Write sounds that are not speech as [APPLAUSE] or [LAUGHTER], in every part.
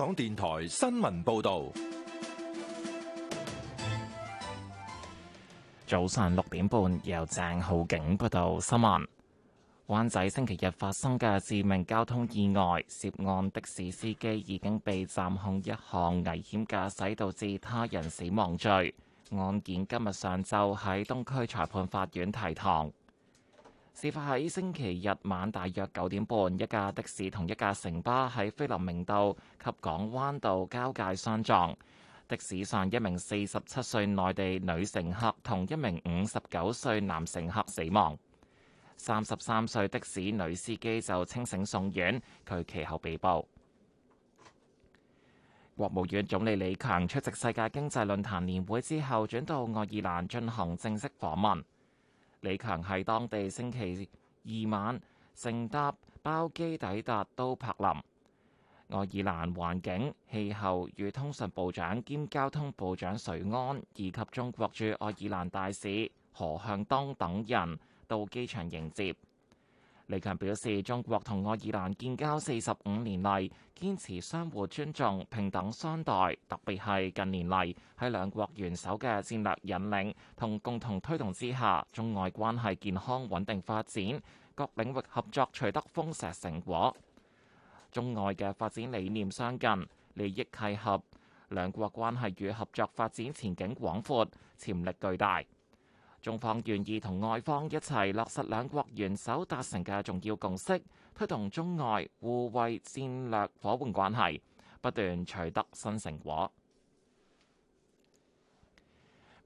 港電台新聞報道，早上六點半由鄭浩景報道新聞。灣仔星期日發生嘅致命交通意外，涉案的士司機已經被暫控一項危險駕駛導致他人死亡罪。案件今日上晝喺東區裁判法院提堂。事發喺星期日晚，大約九點半，一架的士同一架城巴喺菲林明道及港灣道交界相撞，的士上一名四十七歲內地女乘客同一名五十九歲男乘客死亡，三十三歲的士女司機就清醒送院，佢其後被捕。國務院總理李強出席世界經濟論壇年會之後，轉到愛爾蘭進行正式訪問。李強喺當地星期二晚乘搭包機抵達都柏林，愛爾蘭環境、氣候與通訊部長兼交通部長瑞安，以及中國駐愛爾蘭大使何向東等人到機場迎接。李強表示，中國同愛爾蘭建交四十五年嚟，堅持相互尊重、平等相待，特別係近年嚟，喺兩國元首嘅戰略引領同共同推動之下，中愛關係健康穩定發展，各領域合作取得豐碩成果。中愛嘅發展理念相近，利益契合，兩國關係與合作發展前景廣闊，潛力巨大。中方願意同外方一齊落實兩國元首達成嘅重要共識，推動中外互惠戰略伙伴關係不斷取得新成果。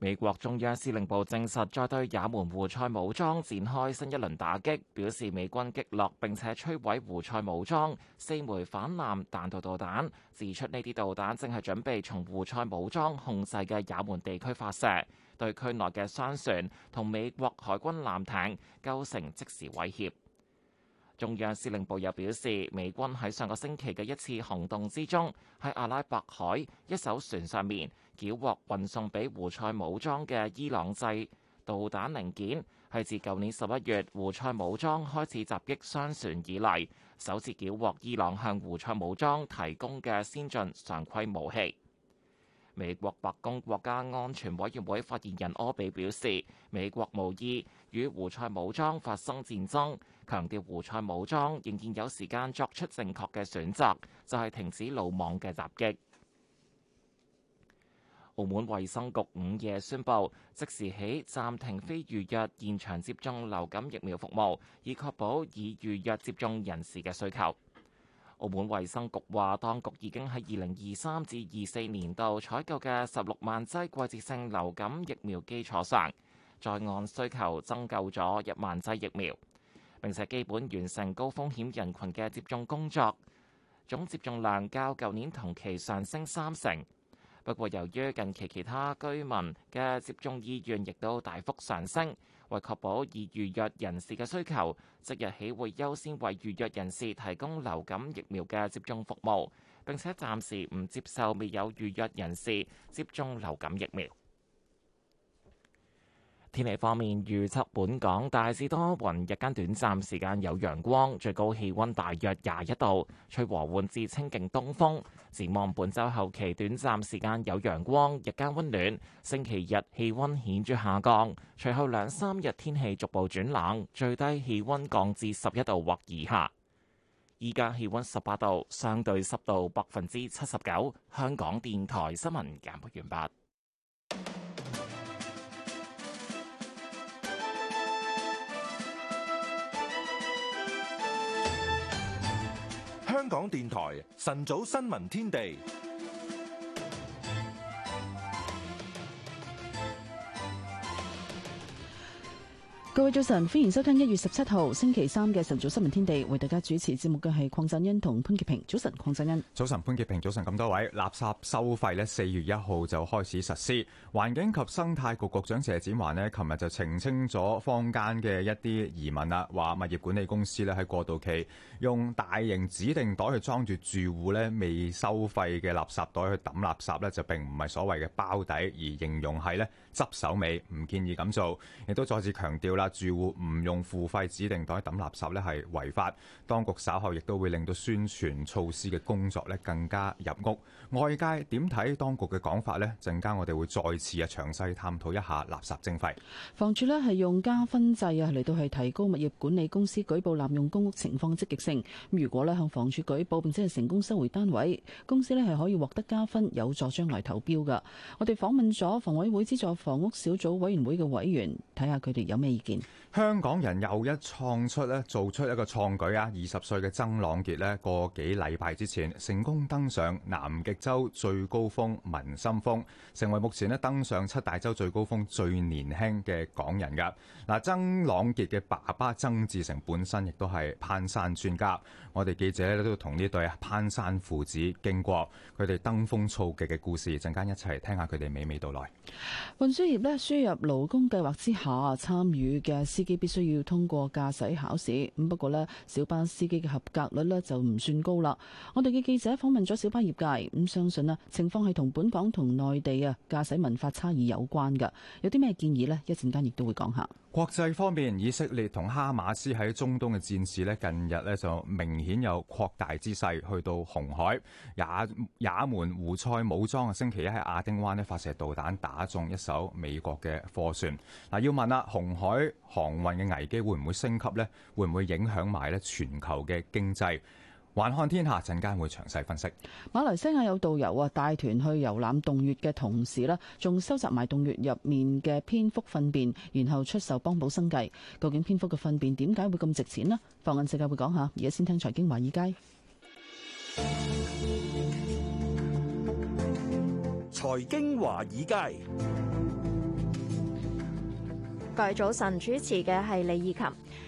美國中央司令部證實，在對也門胡塞武裝展開新一輪打擊，表示美軍擊落並且摧毀胡塞武裝四枚反艦彈道導彈，指出呢啲導彈正係準備從胡塞武裝控制嘅也門地區發射。對區內嘅商船同美國海軍艦艇構成即時威脅。中央司令部又表示，美軍喺上個星期嘅一次行動之中，喺阿拉伯海一艘船上面繳獲運送俾胡塞武裝嘅伊朗製導彈零件，係自舊年十一月胡塞武裝開始襲擊商船以嚟，首次繳獲伊朗向胡塞武裝提供嘅先進常規武器。美國白宮國家安全委員會發言人柯比表示，美國無意與胡塞武裝發生戰爭，強調胡塞武裝仍然有時間作出正確嘅選擇，就係、是、停止魯莽嘅襲擊。澳門衛生局午夜宣布，即時起暫停非預約現場接種流感疫苗服務，以確保已預約接種人士嘅需求。澳門衛生局話，當局已經喺二零二三至二四年度採購嘅十六萬劑季節性流感疫苗基礎上，再按需求增購咗一萬劑疫苗，並且基本完成高風險人群嘅接種工作，總接種量較舊年同期上升三成。不過，由於近期其他居民嘅接種意願亦都大幅上升。為確保已預約人士嘅需求，即日起會優先為預約人士提供流感疫苗嘅接種服務，並且暫時唔接受未有預約人士接種流感疫苗。天氣方面，預測本港大致多雲，日間短暫時間有陽光，最高氣溫大約廿一度，吹和緩至清勁東風。展望本周後期短暫時間有陽光，日間溫暖。星期日氣溫顯著下降，隨後兩三日天氣逐步轉冷，最低氣溫降至十一度或以下。依家氣溫十八度，相對濕度百分之七十九。香港電台新聞簡報完畢。言香港電台晨早新聞天地。各位早晨，歡迎收聽一月十七號星期三嘅晨早新聞天地，為大家主持節目嘅係鄺振恩同潘潔平。早晨，鄺振恩。早晨，潘潔平。早晨，咁多位垃圾收費呢，四月一號就開始實施。環境及生態局局長謝展寰呢，琴日就澄清咗坊間嘅一啲疑問啦，話物業管理公司呢，喺過渡期用大型指定袋去裝住住戶呢未收費嘅垃圾袋去抌垃圾呢，就並唔係所謂嘅包底，而形容係呢。執手尾，唔建議咁做，亦都再次強調啦，住戶唔用付費指定袋抌垃圾呢係違法。當局稍後亦都會令到宣傳措施嘅工作呢更加入屋。外界點睇當局嘅講法呢？陣間我哋會再次啊詳細探討一下垃圾徵費。房署呢係用加分制啊嚟到係提高物業管理公司舉報濫用公屋情況積極性。如果呢向房署舉報並且成功收回單位，公司呢係可以獲得加分，有助將來投標㗎。我哋訪問咗房委會資助。房屋小組委員會嘅委員，睇下佢哋有咩意見。香港人又一創出咧，做出一個創舉啊！二十歲嘅曾朗傑咧，個幾禮拜之前成功登上南極洲最高峰文心峰，成為目前咧登上七大洲最高峰最年輕嘅港人噶。嗱，曾朗傑嘅爸爸曾志成本身亦都係攀山專家。我哋記者咧都要同呢對攀山父子經過佢哋登峰造極嘅故事，陣間一齊聽下佢哋娓娓道來。業輸業咧輸入勞工計劃之下參與嘅司機必須要通過駕駛考試，咁不過咧小巴司機嘅合格率咧就唔算高啦。我哋嘅記者訪問咗小巴業界，咁相信啊情況係同本港同內地啊駕駛文化差異有關嘅，有啲咩建議咧？一陣間亦都會講下。國際方面，以色列同哈馬斯喺中東嘅戰事咧近日咧就明顯有擴大之勢，去到紅海、也也門、胡塞武裝啊，星期一喺亞丁灣咧發射導彈打中一艘。美國嘅貨船嗱，要問啊，紅海航運嘅危機會唔會升級呢？會唔會影響埋咧全球嘅經濟？還看天下陣間會詳細分析。馬來西亞有導遊啊，帶團去遊覽洞穴嘅同時咧，仲收集埋洞穴入面嘅蝙蝠糞便，然後出售幫補生計。究竟蝙蝠嘅糞便點解會咁值錢咧？放眼世界會講下，而家先聽財經華爾街。財經華爾街。各位早晨，主持嘅係李綺琴。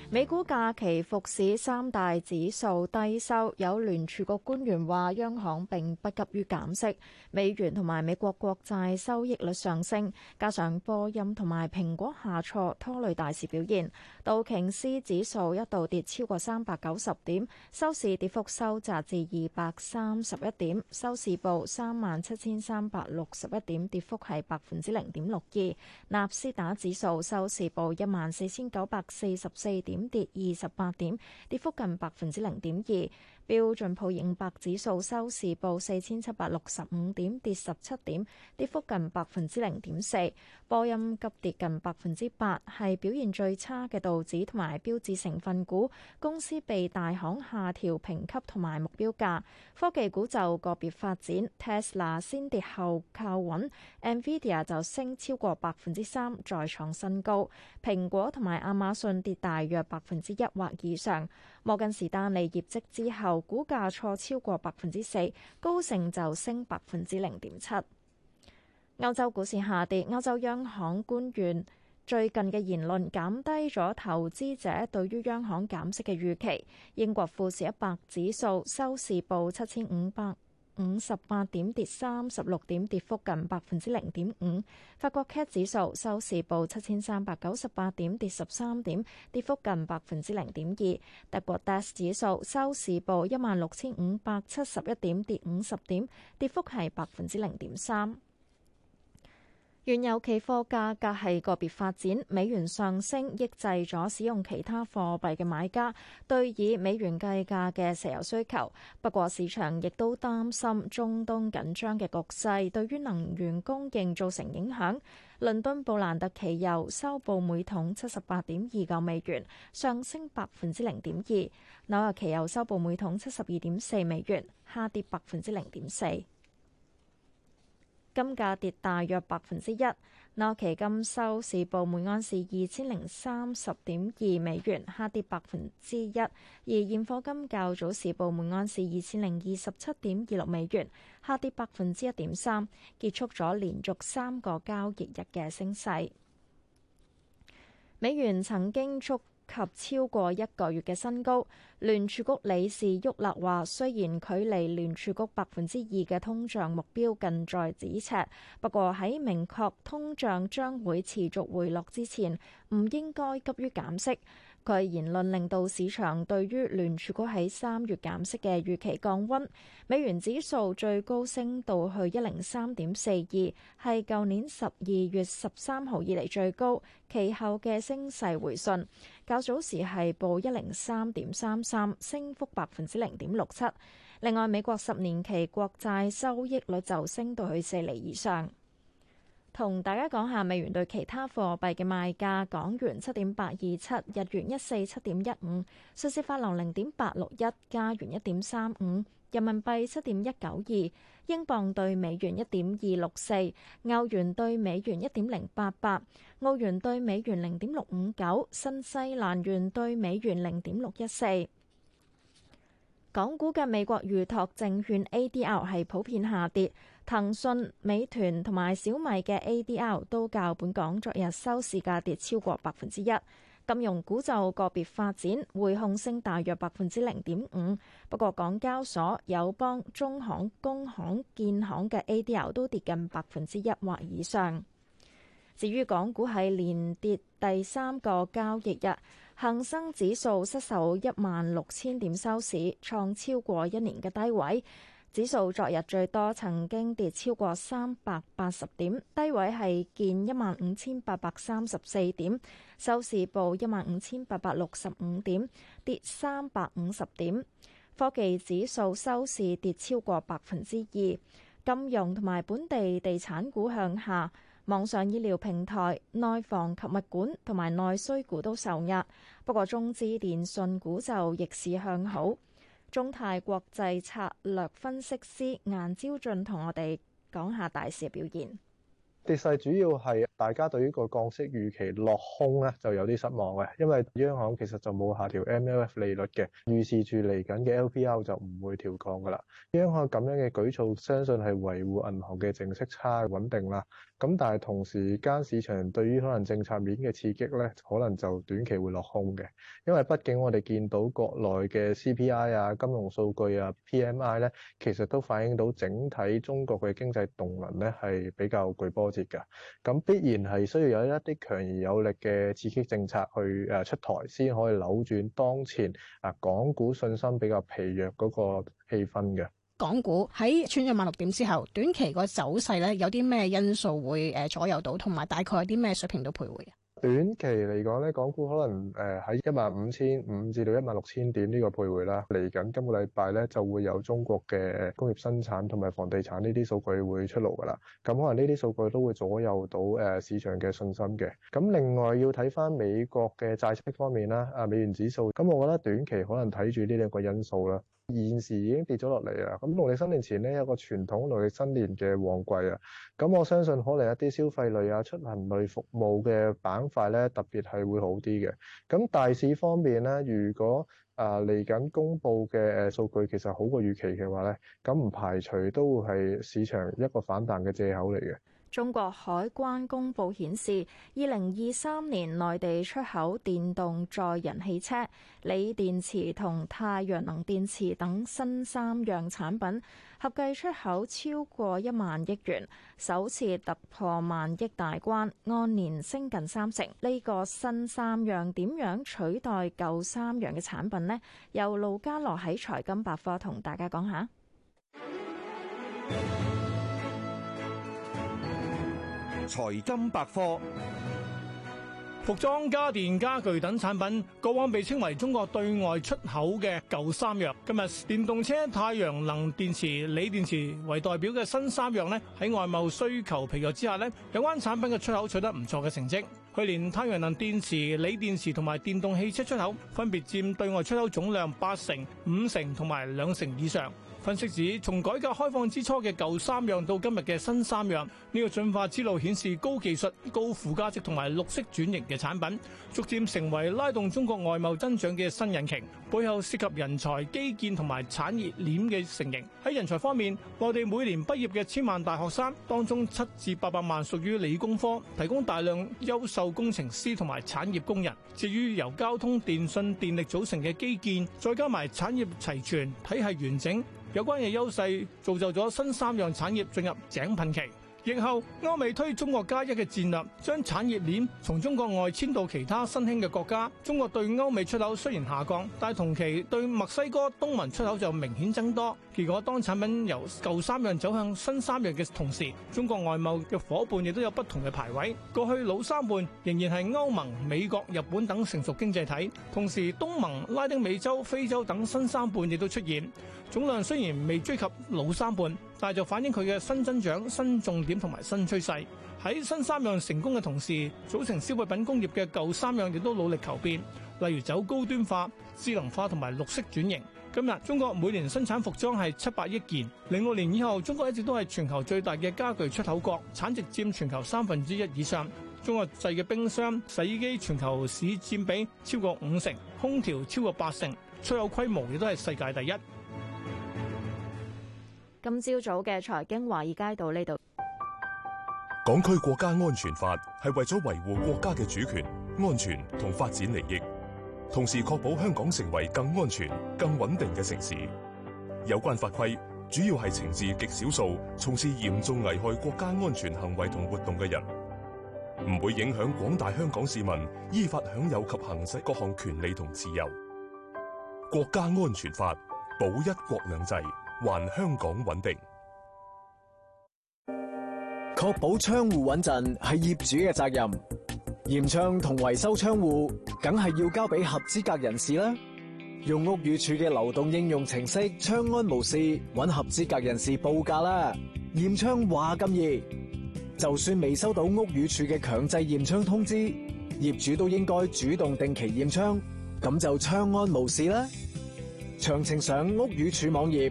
美股假期復市，三大指數低收。有聯儲局官員話，央行並不急於減息。美元同埋美國國債收益率上升，加上波音同埋蘋果下挫拖累大市表現。道瓊斯指數一度跌超過三百九十點，收市跌幅收窄至二百三十一點，收市報三萬七千三百六十一點，跌幅係百分之零點六二。納斯達指數收市報一萬四千九百四十四點。點跌二十八點，跌幅近百分之零點二。標準普爾五百指數收市報四千七百六十五點，跌十七點，跌幅近百分之零點四。波音急跌近百分之八，係表現最差嘅道指同埋標指成分股，公司被大行下調評級同埋目標價。科技股就個別發展，Tesla 先跌後靠穩，Nvidia 就升超過百分之三，再創新高。蘋果同埋亞馬遜跌大約百分之一或以上。摩根士丹利業績之後，股價挫超過百分之四，高盛就升百分之零點七。歐洲股市下跌，歐洲央行官員最近嘅言論減低咗投資者對於央行減息嘅預期。英國富時一百指數收市報七千五百五十八點，跌三十六點，跌幅近百分之零點五。法國 CAC 指數收市報七千三百九十八點，跌十三點，跌幅近百分之零點二。德國 DAX 指數收市報一萬六千五百七十一點，跌五十點，跌幅係百分之零點三。原油期貨價，價格係個別發展，美元上升抑制咗使用其他貨幣嘅買家對以美元計價嘅石油需求。不過市場亦都擔心中東緊張嘅局勢對於能源供應造成影響。倫敦布蘭特期油收報每桶七十八點二九美元，上升百分之零點二；紐約期油收報每桶七十二點四美元，下跌百分之零點四。金價跌大約百分之一，紐期金收市報每安士二千零三十點二美元，下跌百分之一；而現貨金較早時報每安士二千零二十七點二六美元，下跌百分之一點三，結束咗連續三個交易日嘅升勢。美元曾經觸及超過一個月嘅新高，聯儲局理事沃勒話：雖然距離聯儲局百分之二嘅通脹目標近在咫尺，不過喺明確通脹將會持續回落之前，唔應該急於減息。佢言論令到市場對於聯儲局喺三月減息嘅預期降温，美元指數最高升到去一零三點四二，係舊年十二月十三號以嚟最高。其後嘅升勢回信，較早時係報一零三點三三，升幅百分之零點六七。另外，美國十年期國債收益率就升到去四厘以上。同大家講下美元對其他貨幣嘅賣價：港元七點八二七，日元一四七點一五，瑞士法郎零點八六一，加元一點三五，人民幣七點一九二，英鎊對美元一點二六四，歐元對美元一點零八八，澳元對美元零點六五九，新西蘭元對美元零點六一四。港股嘅美國預託證券 ADR 係普遍下跌。騰訊、美團同埋小米嘅 A D L 都較本港昨日收市價跌超過百分之一。金融股就個別發展，匯控升大約百分之零點五。不過港交所、友邦、中行、工行、建行嘅 A D L 都跌近百分之一或以上。至於港股係連跌第三個交易日，恒生指數失守一萬六千點收市，創超過一年嘅低位。指數昨日最多曾經跌超過三百八十點，低位係見一萬五千八百三十四點，收市報一萬五千八百六十五點，跌三百五十點。科技指數收市跌超過百分之二，金融同埋本地地產股向下，網上醫療平台、內房及物管同埋內需股都受壓，不過中資電信股就逆市向好。中泰國際策略分析師顏朝俊同我哋講下大市表現。跌勢主要係大家對於個降息預期落空咧，就有啲失望嘅。因為央行其實就冇下調 MLF 利率嘅，預示住嚟緊嘅 LPR 就唔會調降噶啦。央行咁樣嘅舉措，相信係維護銀行嘅淨息差穩定啦。咁但係同時間，市場對於可能政策面嘅刺激咧，可能就短期會落空嘅，因為畢竟我哋見到國內嘅 CPI 啊、金融數據啊、PMI 咧，其實都反映到整體中國嘅經濟動能咧係比較巨波折嘅。咁必然係需要有一啲強而有力嘅刺激政策去誒出台，先可以扭轉當前啊港股信心比較疲弱嗰個氣氛嘅。港股喺穿咗萬六點之後，短期個走勢咧有啲咩因素會誒左右到，同埋大概有啲咩水平度徘徊啊？短期嚟講咧，港股可能誒喺一萬五千五至到一萬六千點呢個徘徊啦。嚟緊今個禮拜咧就會有中國嘅工業生產同埋房地產呢啲數據會出爐㗎喇，咁可能呢啲數據都會左右到誒市場嘅信心嘅。咁另外要睇返美國嘅債息方面啦，啊美元指數。咁我覺得短期可能睇住呢兩個因素啦。現時已經跌咗落嚟啦，咁農曆新年前咧有個傳統農曆新年嘅旺季啦，咁我相信可能一啲消費類啊、出行類服務嘅板塊咧，特別係會好啲嘅。咁大市方面咧，如果啊嚟緊公布嘅誒數據其實好過預期嘅話咧，咁唔排除都會係市場一個反彈嘅借口嚟嘅。中國海關公布顯示，二零二三年內地出口電動載人汽車、鋰電池同太陽能電池等新三樣產品，合計出口超過一萬億元，首次突破萬億大關，按年升近三成。呢個新三樣點樣取代舊三樣嘅產品呢？由盧嘉樂喺財金百科同大家講下。 [MUSIC] 財金百科，服裝、家電、家具等產品過往被稱為中國對外出口嘅舊三樣。今日電動車、太陽能電池、鋰電池為代表嘅新三樣呢，喺外貿需求疲弱之下呢，有關產品嘅出口取得唔錯嘅成績。去年太陽能電池、鋰電池同埋電動汽車出口分別占對外出口總量八成、五成同埋兩成以上。分析指，從改革開放之初嘅舊三樣到今日嘅新三樣，呢個進化之路顯示高技術、高附加值同埋綠色轉型嘅產品，逐漸成為拉動中國外貿增長嘅新引擎。背後涉及人才、基建同埋產業鏈嘅成形。喺人才方面，內地每年畢業嘅千萬大學生當中，七至八百萬屬於理工科，提供大量優秀工程師同埋產業工人。至於由交通、電信、電力組成嘅基建，再加埋產業齊全、體系完整。有關嘅優勢，造就咗新三樣產業進入井噴期。疫後歐美推中國加一嘅戰略，將產業鏈從中國外遷到其他新興嘅國家。中國對歐美出口雖然下降，但同期對墨西哥、東盟出口就明顯增多。結果當產品由舊三樣走向新三樣嘅同時，中國外貿嘅伙伴亦都有不同嘅排位。過去老三伴仍然係歐盟、美國、日本等成熟經濟體，同時東盟、拉丁美洲、非洲等新三伴亦都出現。總量雖然未追及老三伴。但就反映佢嘅新增長，新重點同埋新趨勢。喺新三樣成功嘅同時，組成消費品工業嘅舊三樣亦都努力求變，例如走高端化、智能化同埋綠色轉型。今日中國每年生產服裝係七百億件，零六年以後中國一直都係全球最大嘅家具出口國，產值佔全球三分之一以上。中國製嘅冰箱、洗衣機全球市佔比超過五成，空調超過八成，出口規模亦都係世界第一。今朝早嘅財經華爾街到呢度。港區國家安全法係為咗維護國家嘅主權、安全同發展利益，同時確保香港成為更安全、更穩定嘅城市。有關法規主要係懲治極少數從事嚴重危害國家安全行為同活動嘅人，唔會影響廣大香港市民依法享有及行使各項權利同自由。國家安全法保一國兩制。還香港穩定，確保窗戶穩陣係業主嘅責任。驗窗同維修窗戶，梗係要交俾合資格人士啦。用屋宇署嘅流動應用程式「窗安無事」揾合資格人士報價啦。驗窗話咁易，就算未收到屋宇署嘅強制驗窗通知，業主都應該主動定期驗窗，咁就「窗安無事」啦。詳情上屋宇署網頁。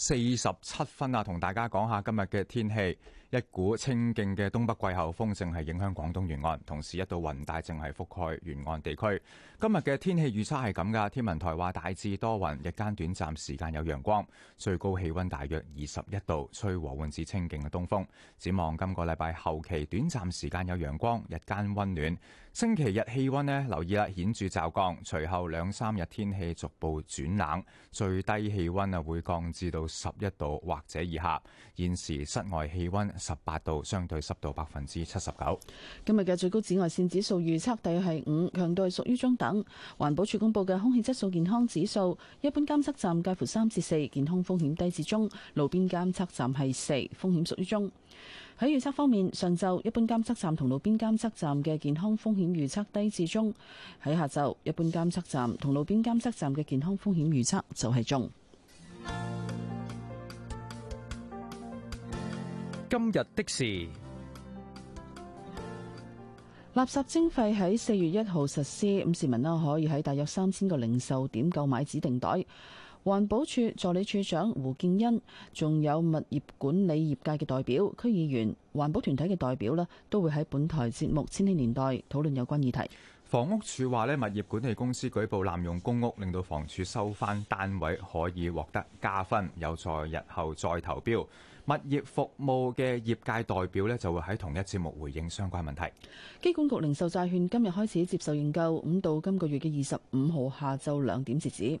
四十七分啊，同大家講下今日嘅天氣。一股清勁嘅東北季候風正係影響廣東沿岸，同時一道雲帶正係覆蓋沿岸地區。今日嘅天氣預測係咁噶，天文台話大致多雲，日間短暫時間有陽光，最高氣温大約二十一度，吹和緩至清勁嘅東風。展望今個禮拜後期，短暫時間有陽光，日間溫暖。星期日氣温咧，留意啦，顯著驟降，隨後兩三日天氣逐步轉冷，最低氣温啊會降至到十一度或者以下。現時室外氣温十八度，相對濕度百分之七十九。今日嘅最高紫外線指數預測值係五，強度係屬於中等。環保署公佈嘅空氣質素健康指數，一般監測站介乎三至四，健康風險低至中；路邊監測站係四，風險屬於中。喺預測方面，上晝一般監測站同路邊監測站嘅健康風險預測低至中；喺下晝，一般監測站同路邊監測站嘅健康風險預測就係中。今日的事，垃圾徵費喺四月一號實施，咁市民呢可以喺大約三千個零售點購買指定袋。環保署助理署長胡建欣，仲有物業管理業界嘅代表、區議員、環保團體嘅代表呢都會喺本台節目《千禧年代》討論有關議題。房屋署話呢，物業管理公司舉報濫用公屋，令到房署收翻單位，可以獲得加分，有助日後再投標。物業服務嘅業界代表呢，就會喺同一節目回應相關問題。機管局零售債券今日開始接受研究，五到今個月嘅二十五號下晝兩點截止。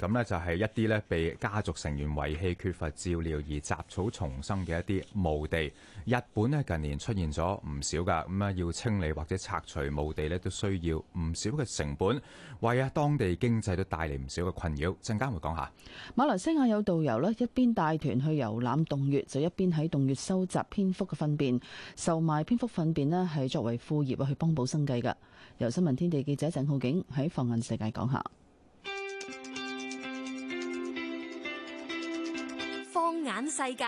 咁呢，就係一啲呢，被家族成員遺棄、缺乏照料而雜草叢生嘅一啲墓地。日本呢，近年出現咗唔少噶，咁啊要清理或者拆除墓地呢，都需要唔少嘅成本，為啊當地經濟都帶嚟唔少嘅困擾。陣間會講下。馬來西亞有導遊呢，一邊帶團去遊覽洞穴，就一邊喺洞穴收集蝙蝠嘅糞便，售賣蝙蝠糞便呢，係作為副業去幫補生計㗎。由新聞天地記者鄭浩景喺放眼世界講下。放眼世界，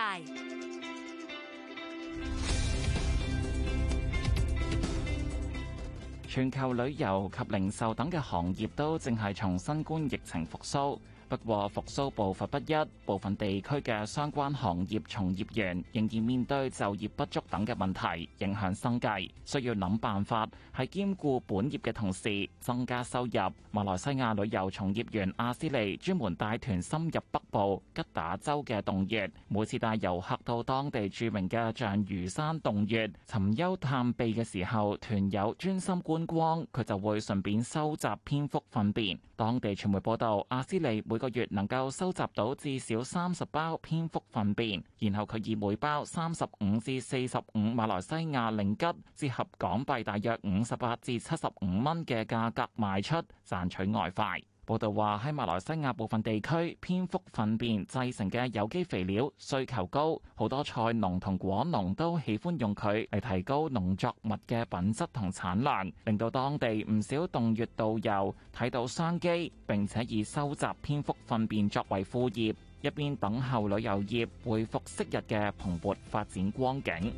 全球旅遊及零售等嘅行業都正係從新冠疫情復甦。不過復甦步伐不一，部分地區嘅相關行業從業員仍然面對就業不足等嘅問題，影響生計，需要諗辦法喺兼顧本業嘅同時增加收入。馬來西亞旅遊從業員阿斯利專門帶團深入北部吉打州嘅洞穴，每次帶遊客到當地著名嘅象嶼山洞穴尋幽探秘嘅時候，團友專心觀光，佢就會順便收集蝙蝠糞便。當地傳媒報道，阿斯利每個月能夠收集到至少三十包蝙蝠糞便，然後佢以每包三十五至四十五馬來西亞令吉，折合港幣大約五十八至七十五蚊嘅價格賣出，賺取外快。報道話喺馬來西亞部分地區，蝙蝠糞便製成嘅有機肥料需求高，好多菜農同果農都喜歡用佢嚟提高農作物嘅品質同產量，令到當地唔少洞穴導遊睇到商機，並且以收集蝙蝠糞便作為副業，一邊等候旅遊業回復昔日嘅蓬勃發展光景。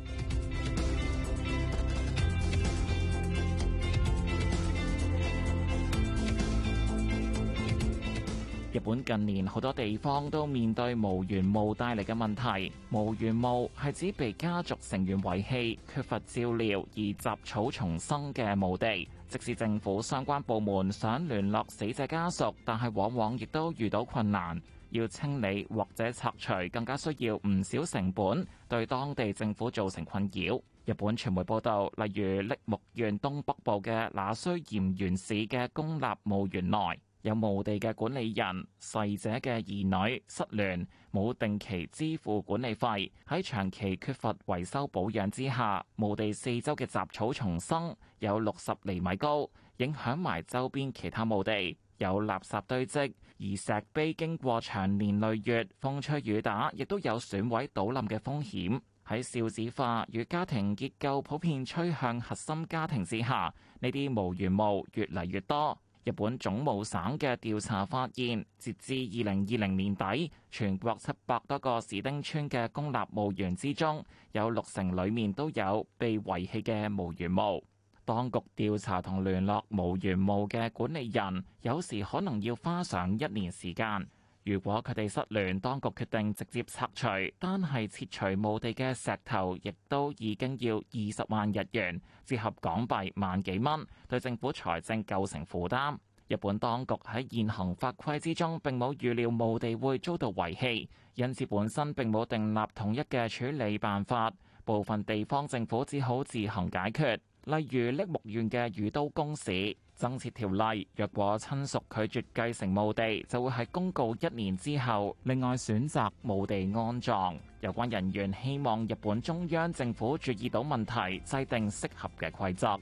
日本近年好多地方都面對無緣墓帶嚟嘅問題，無緣墓係指被家族成員遺棄缺乏照料而雜草叢生嘅墓地。即使政府相關部門想聯絡死者家屬，但係往往亦都遇到困難，要清理或者拆除，更加需要唔少成本，對當地政府造成困擾，日本傳媒報道，例如栃木縣東北部嘅那須鹽原市嘅公立墓園內，有墓地嘅管理人，逝者嘅兒女失聯，冇定期支付管理費，喺長期缺乏維修保養之下，墓地四周嘅雜草叢生，有六十厘米高，影響埋周邊其他墓地，有垃圾堆積，而石碑經過長年累月風吹雨打，亦都有損毀倒冧嘅風險。喺少子化與家庭結構普遍趨向核心家庭之下，呢啲無緣墓越嚟越多。日本總務省嘅調查發現，截至二零二零年底，全國七百多個市町村嘅公立墓園之中，有六成裡面都有被遺棄嘅無緣墓。當局調查同聯絡無緣墓嘅管理人，有時可能要花上一年時間。如果佢哋失聯，當局決定直接拆除，單係撤除墓地嘅石頭亦都已經要二十萬日元，折合港幣萬幾蚊，對政府財政構成負擔，日本當局喺現行法規之中並冇預料墓地會遭到遺棄，因此本身並冇訂立統一嘅處理辦法，部分地方政府只好自行解決，例如栃木縣嘅宇都宮市。增設條例，若果親屬拒絕繼，繼承墓地，就會喺公告一年之後，另外選擇墓地安葬。有關人員希望日本中央政府注意到問題，制定適合嘅規則。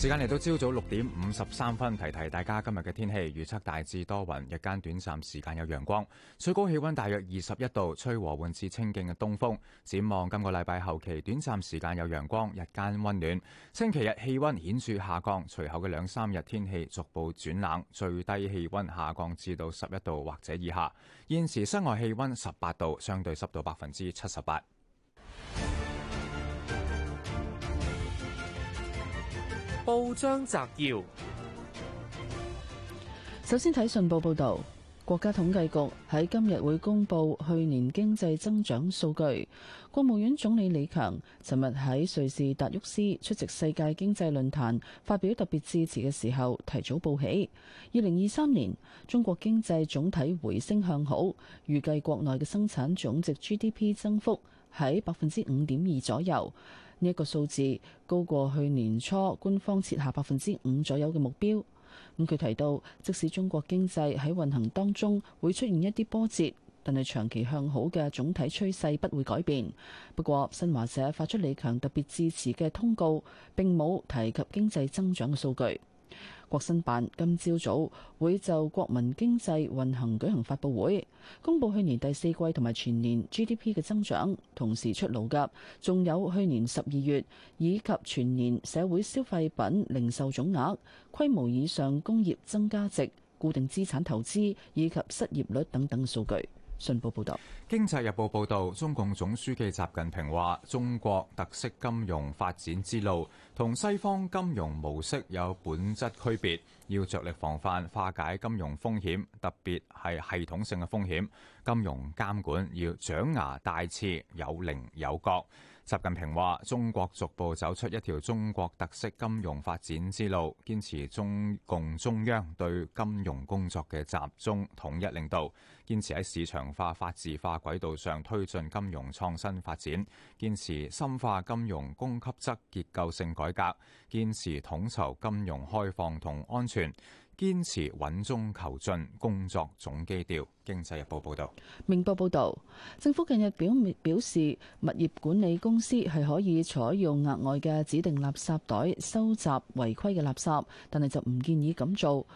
時間嚟到朝早六點五十三分，提提大家今日嘅天氣預測大致多雲，日間短暫時間有陽光，最高氣温大約二十一度，吹和緩至清勁嘅東風。展望今個禮拜後期短暫時間有陽光，日間温暖。星期日氣温顯著下降，隨後嘅兩三日天氣逐步轉冷，最低氣温下降至到十一度或者以下。現時室外氣温十八度，相對濕度百分之七十八。報章摘要：首先睇信報報道，國家統計局喺今日會公布去年經濟增長數據。國務院總理李強尋日喺瑞士達沃斯出席世界經濟論壇發表特別致辭嘅時候，提早報喜：二零二三年中國經濟總體回升向好，預計國內嘅生產總值 GDP 增幅喺百分之五點二左右。呢一個數字高過去年初官方設下百分之五左右嘅目標。咁佢提到，即使中國經濟喺運行當中會出現一啲波折，但係長期向好嘅總體趨勢不會改變。不過，新華社發出李強特別支持嘅通告，並冇提及經濟增長嘅數據。國新辦今朝早會就國民經濟運行舉行發布會，公布去年第四季同埋全年 GDP 嘅增長，同時出爐噶，仲有去年十二月以及全年社會消費品零售總額、規模以上工業增加值、固定資產投資以及失業率等等嘅數據。信報報導，《經濟日報》報導，中共總書記習近平話，中國特色金融發展之路同西方金融模式有本質區別，要着力防範化解金融風險，特別係系統性嘅風險。金融監管要長牙帶刺，有棱有角。習近平話，中國逐步走出一條中國特色金融發展之路，堅持中共中央對金融工作嘅集中統一領導，堅持喺市場化、法治化軌道上推進金融創新發展，堅持深化金融供給側結構性改革，堅持統籌金融開放同安全。堅持穩中求進工作總基調。經濟日報報道，明報報道，政府近日表表示，物業管理公司係可以採用額外嘅指定垃圾袋收集違規嘅垃圾，但係就唔建議咁做。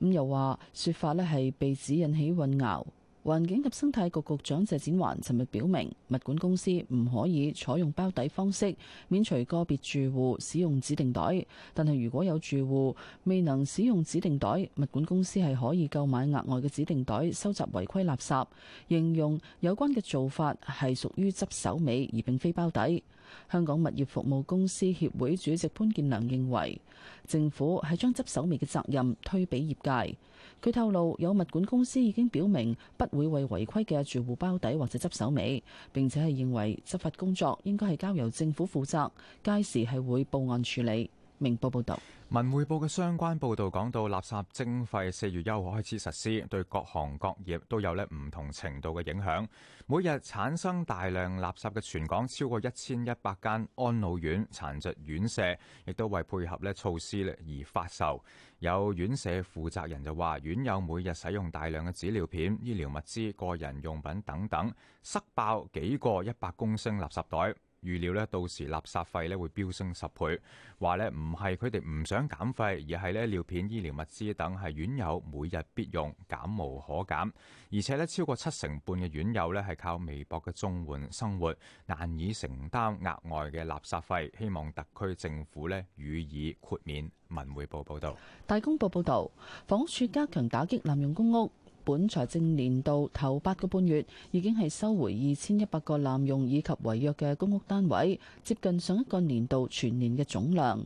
咁又話說，說法咧係被指引起混淆。環境及生態局局長謝展寰尋日表明，物管公司唔可以採用包底方式免除個別住戶使用指定袋，但係如果有住戶未能使用指定袋，物管公司係可以購買額外嘅指定袋收集違規垃圾，形容有關嘅做法係屬於執手尾，而並非包底。香港物業服務公司協會主席潘建良認為，政府係將執手尾嘅責任推俾業界。佢透露，有物管公司已經表明不會為違規嘅住戶包底或者執手尾，並且係認為執法工作應該係交由政府負責，屆時係會報案處理。明報報導，文匯報嘅相關報導講到，垃圾徵費四月一號開始實施，對各行各業都有咧唔同程度嘅影響。每日產生大量垃圾嘅全港超過一千一百間安老院、殘疾院舍，亦都為配合呢措施咧而發愁。有院舍負責人就話，院友每日使用大量嘅紙尿片、醫療物資、個人用品等等，塞爆幾個一百公升垃圾袋。預料咧，到時垃圾費咧會飆升十倍。話咧唔係佢哋唔想減費，而係咧尿片、醫療物資等係院友每日必用，減無可減。而且咧超過七成半嘅院友咧係靠微博嘅綜援生活，難以承擔額外嘅垃圾費。希望特區政府咧予以豁免。文匯報報道：《大公報》報道，房屋署加強打擊濫用公屋。本財政年度頭八個半月已經係收回二千一百個濫用以及違約嘅公屋單位，接近上一個年度全年嘅總量。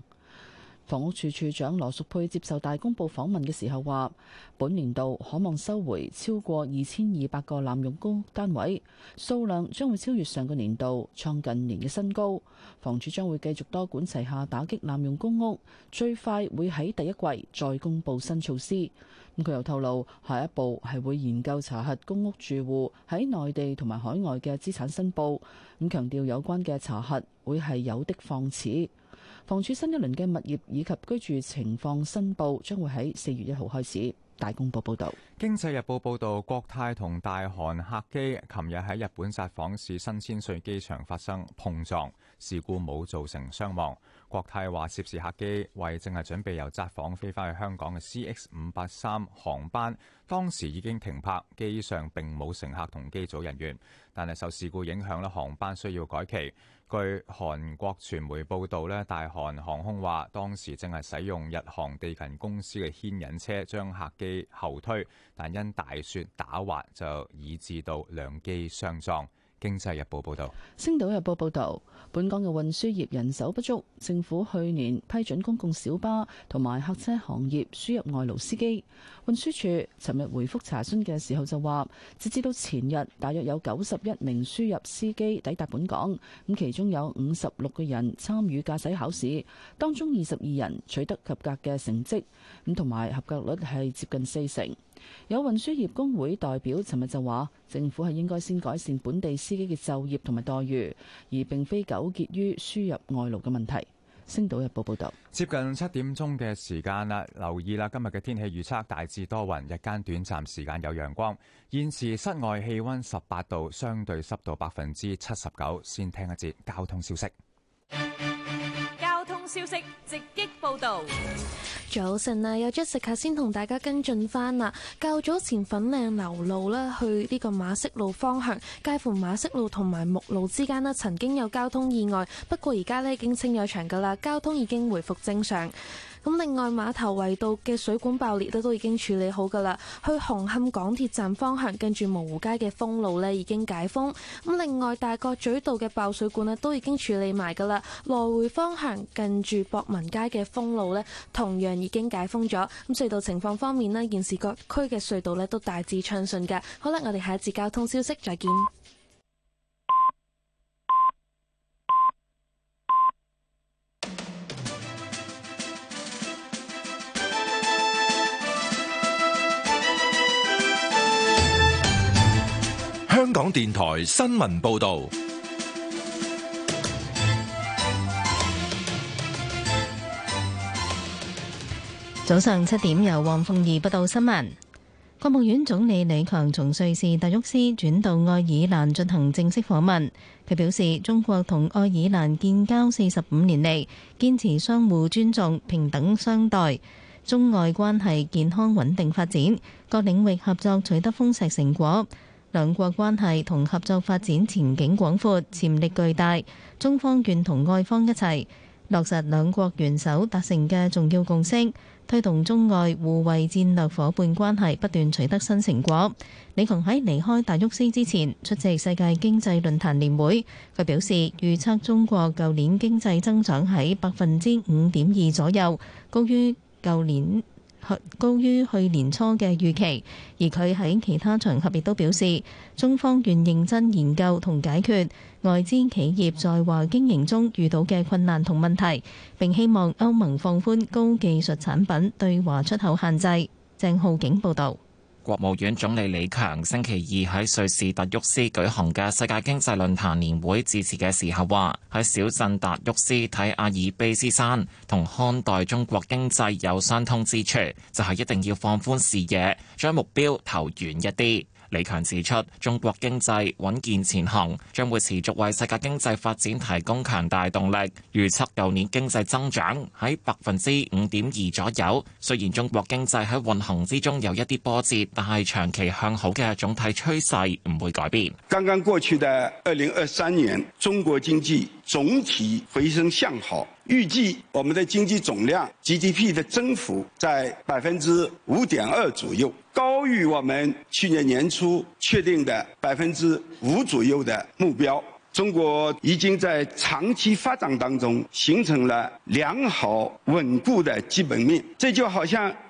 房屋處處長羅淑佩接受大公報訪問嘅時候話，本年度可望收回超過二千二百個濫用公屋單位，數量將會超越上個年度，創近年嘅新高。房署將會繼續多管齊下打擊濫用公屋，最快會喺第一季再公布新措施。佢又透露，下一步係會研究查核公屋住戶喺內地同埋海外嘅資產申報，咁強調有關嘅查核會係有的放矢。房署新一輪嘅物業以及居住情況申報將會喺四月一號開始。大公報報道，經濟日報報道，國泰同大韓客機琴日喺日本札幌市新千歲機場發生碰撞事故，冇造成傷亡。國泰話涉事客機為正係準備由札幌飛翻去香港嘅 CX 五八三航班，當時已經停泊，機上並冇乘客同機組人員。但係受事故影響咧，航班需要改期。據韓國傳媒報導咧，大韓航空話當時正係使用日航地勤公司嘅牽引車將客機後推，但因大雪打滑就以致到兩機相撞。《經濟日報》報道，《星島日報》報道，本港嘅運輸業人手不足，政府去年批准公共小巴同埋客車行業輸入外勞司機。運輸處尋日回覆查詢嘅時候就話，直至到前日，大約有九十一名輸入司機抵達本港，咁其中有五十六個人參與駕駛考試，當中二十二人取得及格嘅成績，咁同埋合格率係接近四成。有運輸業工會代表，尋日就話，政府係應該先改善本地司機嘅就業同埋待遇，而並非糾結於輸入外勞嘅問題。星島日報報道。接近七點鐘嘅時間啦，留意啦，今日嘅天氣預測大致多雲，日間短暫時間有陽光。現時室外氣溫十八度，相對濕度百分之七十九。先聽一節交通消息。交通消息直擊報道。早晨啊，有咗食客先同大家跟進翻啦。較早前粉嶺流路啦，去呢個馬適路方向，介乎馬適路同埋木路之間呢，曾經有交通意外，不過而家呢，已經清咗場噶啦，交通已經回復正常。咁另外，碼頭圍道嘅水管爆裂咧，都已經處理好噶啦。去紅磡港鐵站方向，跟住蕪湖街嘅封路呢，已經解封。咁另外，大角咀道嘅爆水管呢都已經處理埋噶啦。來回方向，跟住博文街嘅封路呢同樣已經解封咗。咁隧道情況方面呢，現時各區嘅隧道呢都大致暢順噶。好啦，我哋下一節交通消息再見。香港電台新聞報道，早上七點由黃鳳儀報道新聞。國務院總理李強從瑞士達沃斯轉到愛爾蘭進行正式訪問。佢表示，中國同愛爾蘭建交四十五年嚟，堅持相互尊重、平等相待，中外關係健康穩定發展，各領域合作取得豐碩成果。兩國關係同合作發展前景廣闊，潛力巨大。中方願同外方一齊落實兩國元首達成嘅重要共識，推動中外互惠戰略夥伴關係不斷取得新成果。李強喺離開達沃斯之前出席世界經濟論壇年會，佢表示預測中國舊年經濟增長喺百分之五點二左右，高於舊年，高於去年初嘅預期，而佢喺其他場合亦都表示，中方願認真研究同解決外資企業在華經營中遇到嘅困難同問題，並希望歐盟放寬高技術產品對華出口限制。鄭浩景報導。國務院總理李強星期二喺瑞士達沃斯舉行嘅世界經濟論壇年會致辭嘅時候話：喺小鎮達沃斯睇阿爾卑斯山，同看待中國經濟有相通之處，就係一定要放寬視野，將目標投遠一啲。李強指出，中國經濟穩健前行，將會持續為世界經濟發展提供強大動力。預測舊年經濟增長喺百分之五點二左右。雖然中國經濟喺運行之中有一啲波折，但係長期向好嘅總體趨勢唔會改變。剛剛過去的二零二三年，中國經濟，總體回升向好，預計我們的經濟總量 GDP 的增幅在百分之五點二左右，高於我們去年年初確定的百分之五左右的目標，中國已經在長期發展當中形成了良好穩固的基本面，這就好像。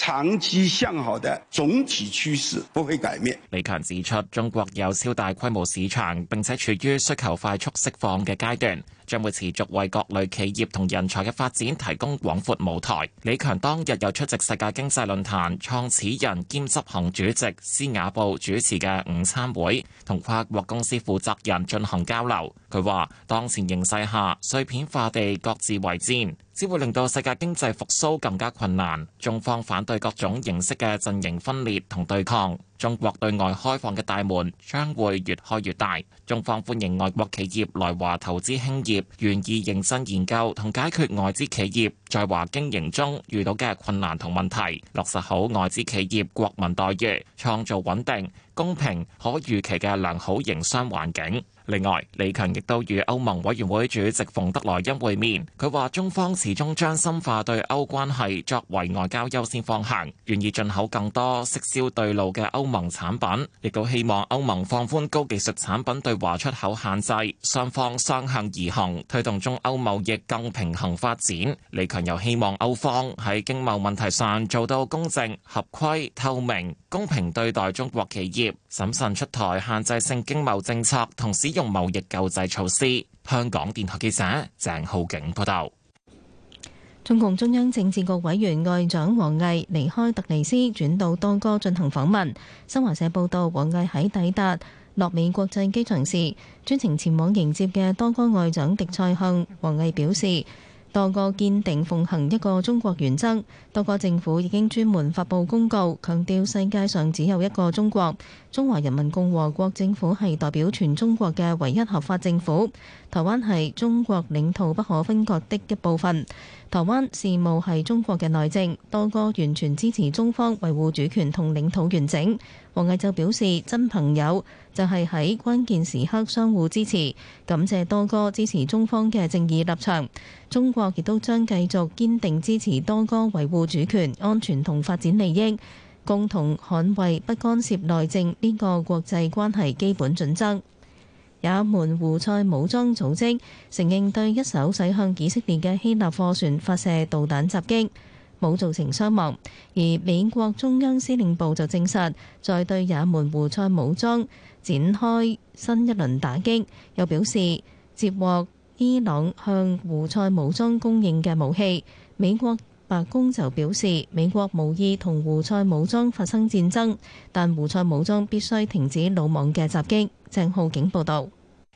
長期向好的總體趨勢不會改變。李強指出，中國有超大規模市場，並且處於需求快速釋放嘅階段，將會持續為各類企業同人才嘅發展提供廣闊舞台。李強當日又出席世界經濟論壇創始人兼執行主席施瓦布主持嘅午餐會，同跨國公司負責人進行交流。佢話：當前形勢下，碎片化地各自為戰。只會令到世界經濟復甦更加困難。中方反對各種形式嘅陣營分裂同對抗。中國對外開放嘅大門將會越開越大。中方歡迎外國企業來華投資興業，願意認真研究同解決外資企業在華經營中遇到嘅困難同問題，落實好外資企業國民待遇，創造穩定、公平、可預期嘅良好營商環境。另外，李強亦都與歐盟委員會主席馮德萊恩會面。佢話：中方始終將深化對歐關係作為外交優先方向，願意進口更多適銷對路嘅歐盟產品，亦都希望歐盟放寬高技術產品對華出口限制。雙方雙向而行，推動中歐貿易更平衡發展。李強又希望歐方喺經貿問題上做到公正、合規、透明、公平對待中國企業，審慎出台限制性經貿政策，同時，用貿易救濟措施。香港電台記者鄭浩景報道，中共中央政治局委員外長王毅離開特尼斯，轉到多哥進行訪問。新華社報道，王毅喺抵達洛美國際機場時，專程前往迎接嘅多哥外長迪塞向王毅表示。多個堅定奉行一個中國原則，多個政府已經專門發布公告，強調世界上只有一個中國，中華人民共和國政府係代表全中國嘅唯一合法政府，台灣係中國領土不可分割的一部分，台灣事務係中國嘅內政，多個完全支持中方維護主權同領土完整。王毅就表示，真朋友。就係喺關鍵時刻相互支持，感謝多哥支持中方嘅正義立場，中國亦都將繼續堅定支持多哥維護主權、安全同發展利益，共同捍衛不干涉內政呢個國際關係基本準則。也門胡塞武裝組織承認對一艘駛向以色列嘅希臘貨船發射導彈襲擊冇造成傷亡。而美國中央司令部就證實在對也門胡塞武裝。展開新一輪打擊，又表示截獲伊朗向胡塞武裝供應嘅武器。美國白宮就表示，美國無意同胡塞武裝發生戰爭，但胡塞武裝必須停止魯莽嘅襲擊。鄭浩景報道。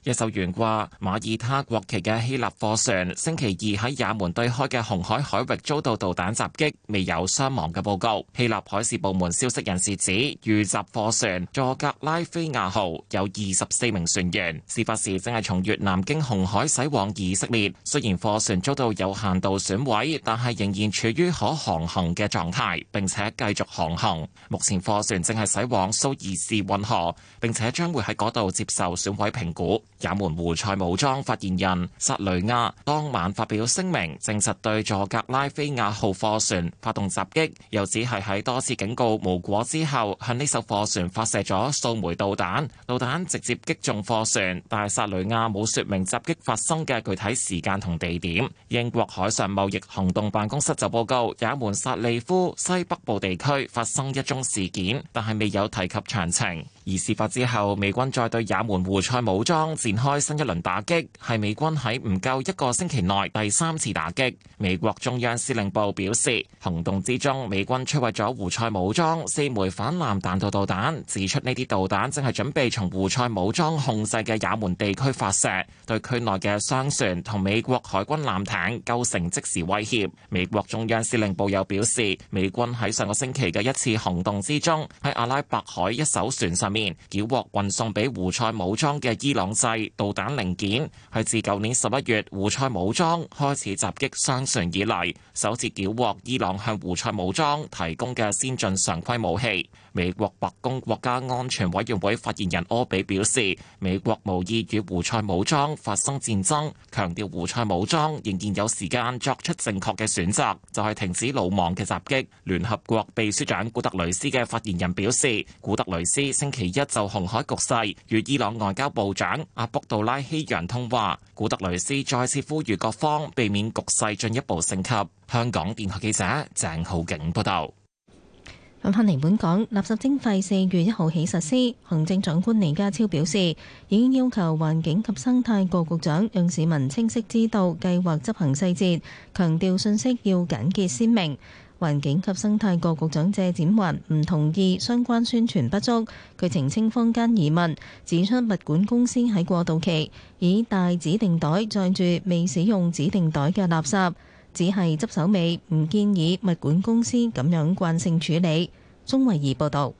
一艘懸掛馬耳他國旗嘅希臘貨船，星期二喺也門對開嘅紅海海域遭到導彈襲擊，未有傷亡嘅報告。希臘海事部門消息人士指，遇襲貨船“佐格拉菲亞號”有二十四名船員，事發時正係從越南經紅海駛往以色列。雖然貨船遭到有限度損毀，但係仍然處於可航行嘅狀態，並且繼續航行。目前貨船正係駛往蘇伊士運河，並且將會喺嗰度接受損毀評估。也門胡塞武裝發言人薩雷亞當晚發表聲明，證實對佐格拉菲亞號貨船發動襲擊，又只係喺多次警告無果之後，向呢艘貨船發射咗數枚導彈，導彈直接擊中貨船，但係薩雷亞冇說明襲擊發生嘅具體時間同地點。英國海上貿易行動辦公室就報告也門薩利夫西北部地區發生一宗事件，但係未有提及詳情。而事發之後，美軍再對也門胡塞武裝展開新一輪打擊，係美軍喺唔夠一個星期內第三次打擊。美國中央司令部表示，行動之中美軍摧毀咗胡塞武裝四枚反艦彈道導彈，指出呢啲導彈正係準備從胡塞武裝控制嘅也門地區發射，對區內嘅商船同美國海軍艦艇構成即時威脅。美國中央司令部又表示，美軍喺上個星期嘅一次行動之中，喺阿拉伯海一艘船上面，繳獲運送俾胡塞武裝嘅伊朗製導彈零件，係自舊年十一月胡塞武裝開始襲擊商船以嚟，首次繳獲伊朗向胡塞武裝提供嘅先進常規武器。美國白宮國家安全委員會發言人柯比表示，美國無意與胡塞武裝發生戰爭，強調胡塞武裝仍然有時間作出正確嘅選擇，就係、是、停止魯莽嘅襲擊。聯合國秘書長古特雷斯嘅發言人表示，古特雷斯星期一就紅海局勢與伊朗外交部長阿卜杜拉希揚通話，古特雷斯再次呼籲各方避免局勢進一步升級。香港電台記者鄭浩景報道。咁返嚟本港，垃圾徵費四月一號起實施。行政長官李家超表示，已經要求環境及生態局局長讓市民清晰知道計劃執行細節，強調信息要簡潔鮮明。環境及生態局局長謝展寰唔同意相關宣傳不足，佢澄清坊間疑問，指出物管公司喺過渡期以大指定袋載住未使用指定袋嘅垃圾。只係執手尾，唔建議物管公司咁樣慣性處理。鍾慧儀報導，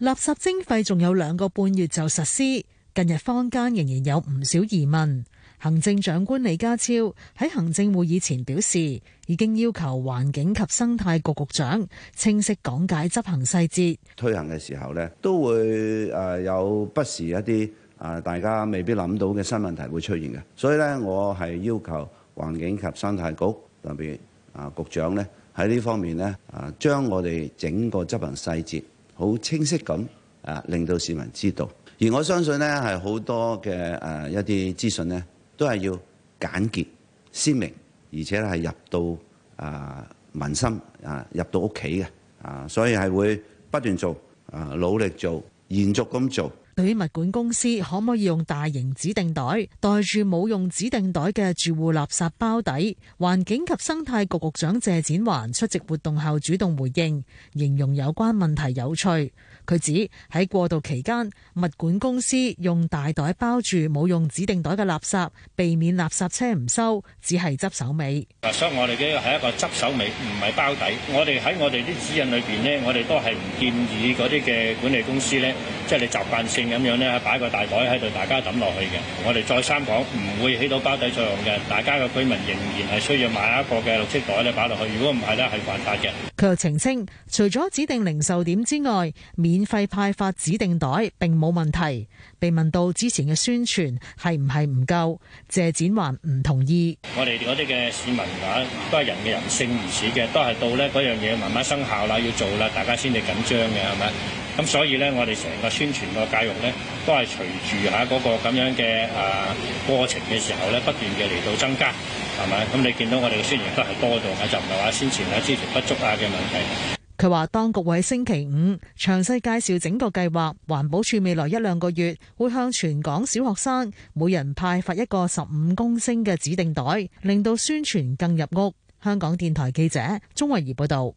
垃圾徵費仲有兩個半月就實施，近日坊間仍然有唔少疑問。行政長官李家超喺行政會議前表示，已經要求環境及生態局局長清晰講解執行細節。推行嘅時候呢，都會誒有不時一啲誒大家未必諗到嘅新問題會出現嘅，所以呢，我係要求環境及生態局。特別啊，局長咧喺呢方面咧啊，將我哋整個執行細節好清晰咁啊，令到市民知道。而我相信咧係好多嘅誒、啊、一啲資訊咧，都係要簡潔鮮明，而且係入到啊民心啊入到屋企嘅啊，所以係會不斷做啊，努力做，延續咁做。對於物管公司可唔可以用大型指定袋袋住冇用指定袋嘅住戶垃圾包底？環境及生態局局長謝展寰出席活動後主動回應，形容有關問題有趣。佢指喺過渡期間，物管公司用大袋包住冇用指定袋嘅垃圾，避免垃圾車唔收，只係執手尾。所以我哋呢個係一個執手尾，唔係包底。我哋喺我哋啲指引裏邊咧，我哋都係唔建議嗰啲嘅管理公司咧，即係你習慣性咁樣咧，擺個大袋喺度，大家抌落去嘅。我哋再三講，唔會起到包底作用嘅。大家嘅居民仍然係需要買一個嘅綠色袋咧，擺落去。如果唔係咧，係犯法嘅。佢又澄清，除咗指定零售點之外，免費派發指定袋並冇問題。被問到之前嘅宣傳係唔係唔夠，謝展寰唔同意。我哋嗰啲嘅市民啊，都係人嘅人性如此嘅，都係到咧嗰樣嘢慢慢生效啦，要做啦，大家先至緊張嘅係咪？咁所以呢，我哋成個宣傳個教育呢，都係隨住吓嗰個咁樣嘅誒、啊、過程嘅時候呢，不斷嘅嚟到增加，係咪？咁你見到我哋嘅宣傳都係多咗，嚇就唔係話宣傳啊、支持不足啊嘅問題。佢話，當局喺星期五詳細介紹整個計劃，環保署未來一兩個月會向全港小學生每人派發一個十五公升嘅指定袋，令到宣傳更入屋。香港電台記者鍾慧儀報道。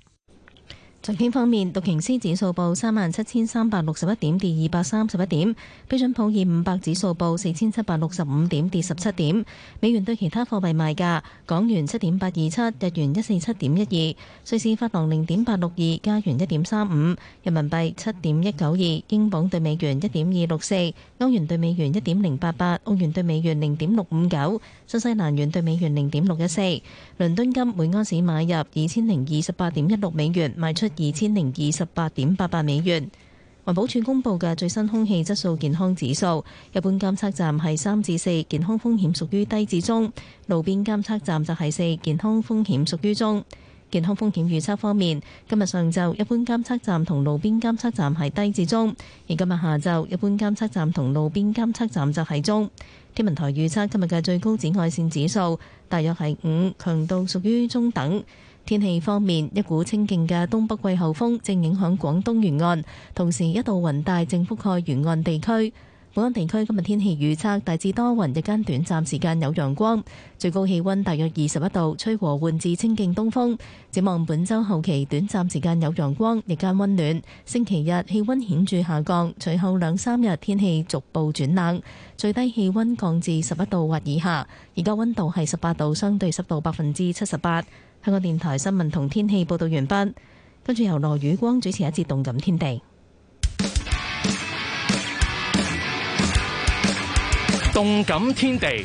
財經方面，道瓊斯指數報三萬七千三百六十一點，跌二百三十一點；標準普爾五百指數報四千七百六十五點，跌十七點。美元對其他貨幣賣價：港元七點八二七，日元一四七點一二，瑞士法郎零點八六二，加元一點三五，人民幣七點一九二，英鎊兌美元一點二六四，歐元兌美元一點零八八，澳元兌美元零點六五九，新西蘭元兌美元零點六一四。倫敦金每安士買入二千零二十八點一六美元，賣出。二千零二十八點八八美元。環保署公布嘅最新空氣質素健康指數，一般監測站係三至四，健康風險屬於低至中；路邊監測站就係四，健康風險屬於中。健康風險預測方面，今日上晝一般監測站同路邊監測站係低至中，而今日下晝一般監測站同路邊監測站就係中。天文台預測今日嘅最高紫外線指數大約係五，強度屬於中等。天氣方面，一股清勁嘅東北季候風正影響廣東沿岸，同時一道雲帶正覆蓋沿岸地區，本港地區今日天氣預測大致多雲，日間短暫時間有陽光，最高氣溫大約二十一度，吹和緩至清勁東風，展望本周後期，短暫時間有陽光，日間溫暖。星期日氣溫顯著下降，隨後兩三日天氣逐步轉冷，最低氣溫降至十一度或以下。而家溫度係十八度，相對濕度百分之七十八。香港電台新聞同天氣報道完畢，跟住由羅宇光主持一節動感天地。動感天地。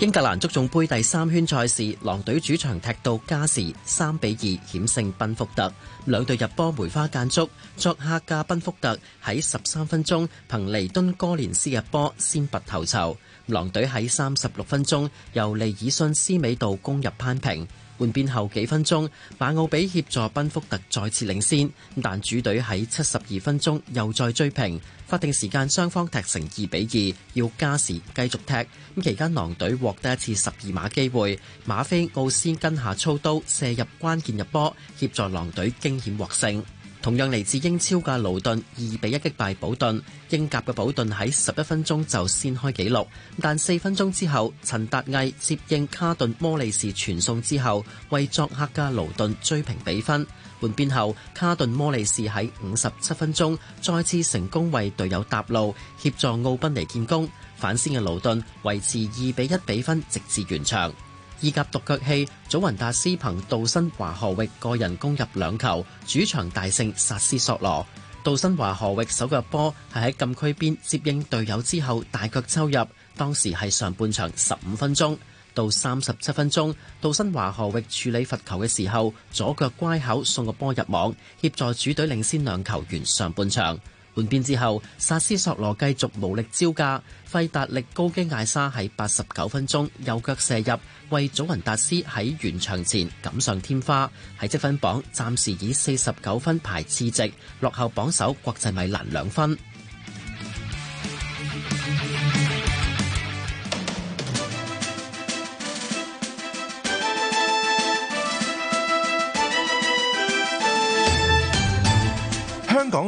英格蘭足總盃第三圈賽事，狼隊主場踢到加時三比二險勝賓福特。兩隊入波，梅花間竹，作客加賓福特喺十三分鐘憑尼敦哥連斯入波先拔頭籌。狼隊喺三十六分鐘由利爾遜斯美度攻入攀平，換邊後幾分鐘馬奧比協助賓福特再次領先。但主隊喺七十二分鐘又再追平，法定時間雙方踢成二比二，要加時繼續踢。咁期間狼隊獲得一次十二碼機會，馬菲奧斯跟下操刀射入關鍵入波，協助狼隊驚險獲勝。同樣嚟自英超嘅勞頓二比一擊敗保頓，英甲嘅保頓喺十一分鐘就先開紀錄，但四分鐘之後，陳達毅接應卡頓摩利士傳送之後，為作客嘅勞頓追平比分。換邊後，卡頓摩利士喺五十七分鐘再次成功為隊友搭路，協助奧賓尼建功。反先嘅勞頓維持二比一比分，直至完場。以及意甲獨腳戲，祖雲達斯憑杜新華河域個人攻入兩球，主場大勝薩斯索羅。杜新華河域首腳波係喺禁區邊接應隊友之後大腳抽入，當時係上半場十五分鐘到三十七分鐘。杜新華河域處理罰球嘅時候，左腳乖巧送個波入網，協助主隊領先兩球完上半場。換邊之後，薩斯索羅繼續無力招架。費達力高基艾莎喺八十九分鐘右腳射入，為祖雲達斯喺完場前錦上添花。喺積分榜暫時以四十九分排次席，落後榜首國際米蘭兩分。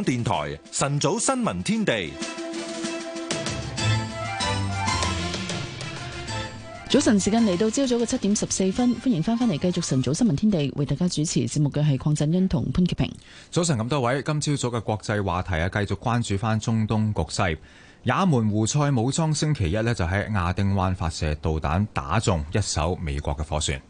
電台晨早，晨早新聞天地，早晨時間嚟到朝早嘅七點十四分，歡迎翻返嚟繼續晨早新聞天地，為大家主持節目嘅係鄺振英同潘潔平。早晨咁多位，今朝早嘅國際話題啊，繼續關注翻中東局勢。也門胡塞武裝星期一咧就喺亞丁灣發射導彈，打中一艘美國嘅貨船。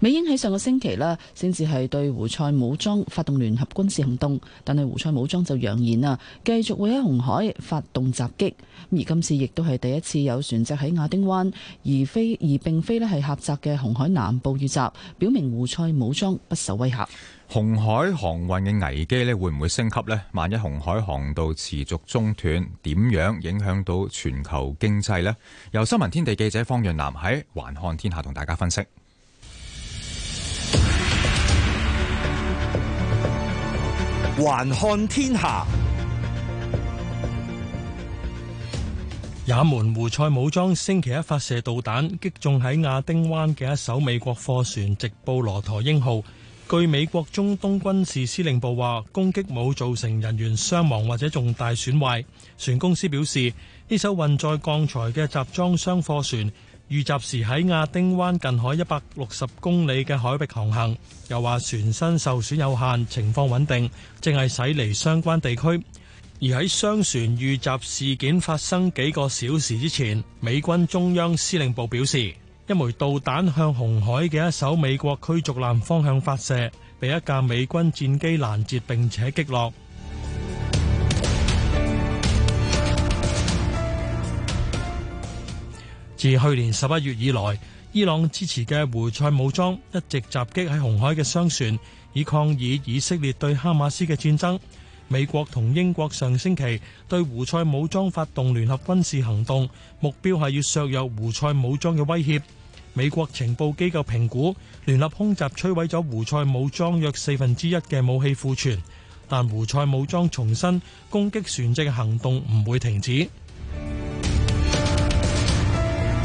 美英喺上個星期咧，先至係對胡塞武裝發動聯合軍事行動，但係胡塞武裝就揚言啊，繼續會喺紅海發動襲擊。而今次亦都係第一次有船隻喺亞丁灣，而非而並非咧係狹窄嘅紅海南部遇襲，表明胡塞武裝不受威脅。紅海航運嘅危機咧會唔會升級咧？萬一紅海航道持續中斷，點樣影響到全球經濟呢？由新聞天地記者方潤南喺《環看天下》同大家分析。環看天下。也門胡塞武裝星期一發射導彈，擊中喺亞丁灣嘅一艘美國貨船“直布羅陀鷹號”。據美國中東軍事司令部話，攻擊冇造成人員傷亡或者重大損壞。船公司表示，呢艘運載鋼材嘅集裝箱貨船，遇襲時喺亞丁灣近海一百六十公里嘅海域航行。又話船身受損有限，情況穩定，正係駛離相關地區。而喺商船遇襲事件發生幾個小時之前，美軍中央司令部表示，一枚導彈向紅海嘅一艘美國驅逐艦方向發射，被一架美軍戰機攔截並且擊落。 [MUSIC] 自去年十一月以來，伊朗支持嘅胡塞武裝一直襲擊喺紅海嘅商船，以抗議以色列對哈馬斯嘅戰爭。美國同英國上星期對胡塞武裝發動聯合軍事行動，目標係要削弱胡塞武裝嘅威脅。美國情報機構評估，聯合空襲摧毀咗胡塞武裝約四分之一嘅武器庫存，但胡塞武裝重新攻擊船隻嘅行動唔會停止。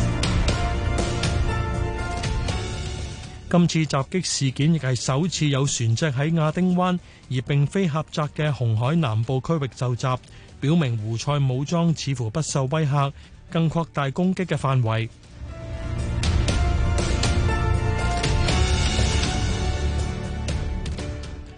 [MUSIC] 今次襲擊事件亦係首次有船隻喺亞丁灣，而並非狹窄嘅紅海南部區域受襲，表明胡塞武裝似乎不受威嚇，更擴大攻擊嘅範圍。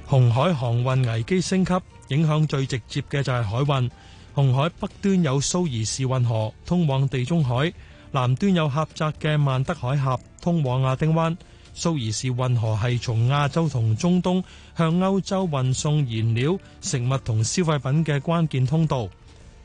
紅海航運危機升級，影響最直接嘅就係海運。紅海北端有蘇伊士運河通往地中海，南端有狹窄嘅曼德海峽通往亞丁灣。蘇伊士運河係從亞洲同中東向歐洲運送燃料、食物同消費品嘅關鍵通道。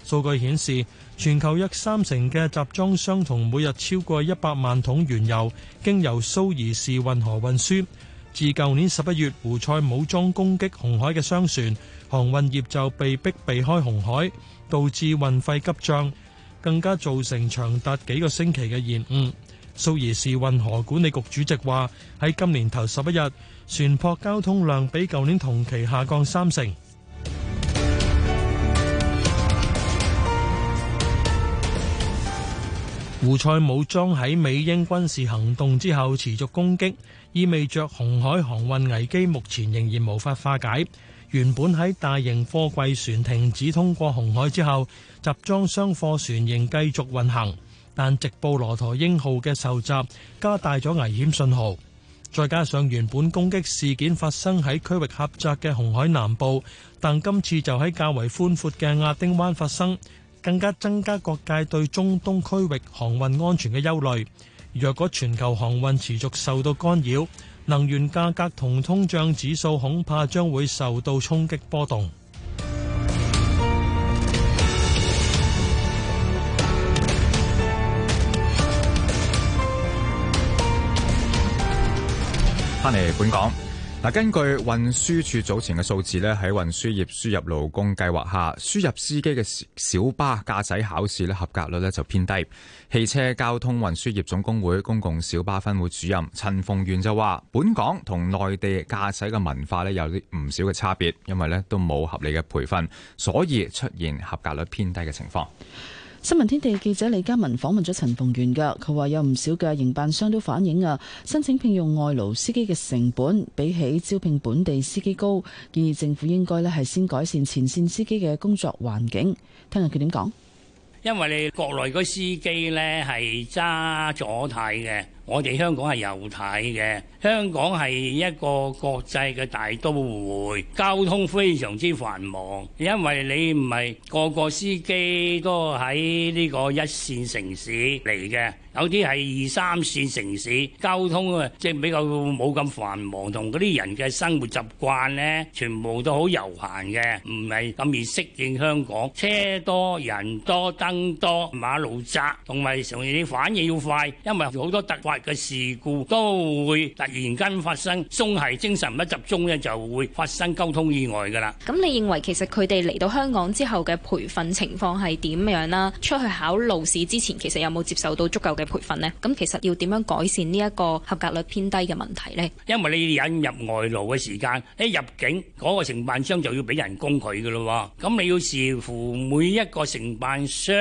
數據顯示，全球約三成嘅集裝箱同每日超過一百萬桶原油經由蘇伊士運河運輸。自舊年十一月胡塞武裝攻擊紅海嘅商船，航運業就被逼避開紅海，導致運費急漲，更加造成長達幾個星期嘅延誤。蘇伊士運河管理局主席話：喺今年頭十一日，船舶交通量比舊年同期下降三成。 [MUSIC] 胡塞武裝喺美英軍事行動之後持續攻擊，意味著紅海航運危機目前仍然無法化解。原本喺大型貨櫃船停止通過紅海之後，集裝箱貨船仍繼續運行。但直布羅陀英號嘅受襲，加大咗危險信號。再加上原本攻擊事件發生喺區域狹窄嘅紅海南部，但今次就喺較為寬闊嘅亞丁灣發生，更加增加各界對中東區域航運安全嘅憂慮。若果全球航運持續受到干擾，能源價格同通脹指數恐怕將會受到衝擊波動。翻嚟本港，嗱，根據運輸署早前嘅數字咧，喺運輸業輸入勞工計劃下，輸入司機嘅小巴駕駛考試咧合格率咧就偏低。汽車交通運輸業總工會公共小巴分會主任陳鳳元就話，本港同內地駕駛嘅文化咧有啲唔少嘅差別，因為咧都冇合理嘅培訓，所以出現合格率偏低嘅情況。新聞天地記者李嘉文訪問咗陳逢源噶，佢話有唔少嘅營辦商都反映啊，申請聘用外勞司機嘅成本比起招聘本地司機高，建議政府應該咧係先改善前線司機嘅工作環境。聽下佢點講。因為你國內嗰司機咧係揸咗太嘅。我哋香港係有睇嘅，香港係一個國際嘅大都會，交通非常之繁忙。因為你唔係個個司機都喺呢個一線城市嚟嘅，有啲係二三線城市，交通啊即係比較冇咁繁忙，同嗰啲人嘅生活習慣咧，全部都好悠閒嘅，唔係咁易適應香港。車多人多燈多，馬路窄，同埋常時你反應要快，因為好多突發嘅事故都會突然間發生，鬆懈精神唔集中咧，就會發生交通意外噶啦。咁你認為其實，佢哋嚟到香港之後嘅培訓情況，係點樣啦？出去考路試之前，其實有冇接受到足夠嘅培訓咧？咁其實要點樣改善呢一個合格率偏低嘅問題咧？因為你引入外勞嘅時間，一入境嗰個承辦商就要俾人工佢噶咯。咁你要視乎每一個承辦商。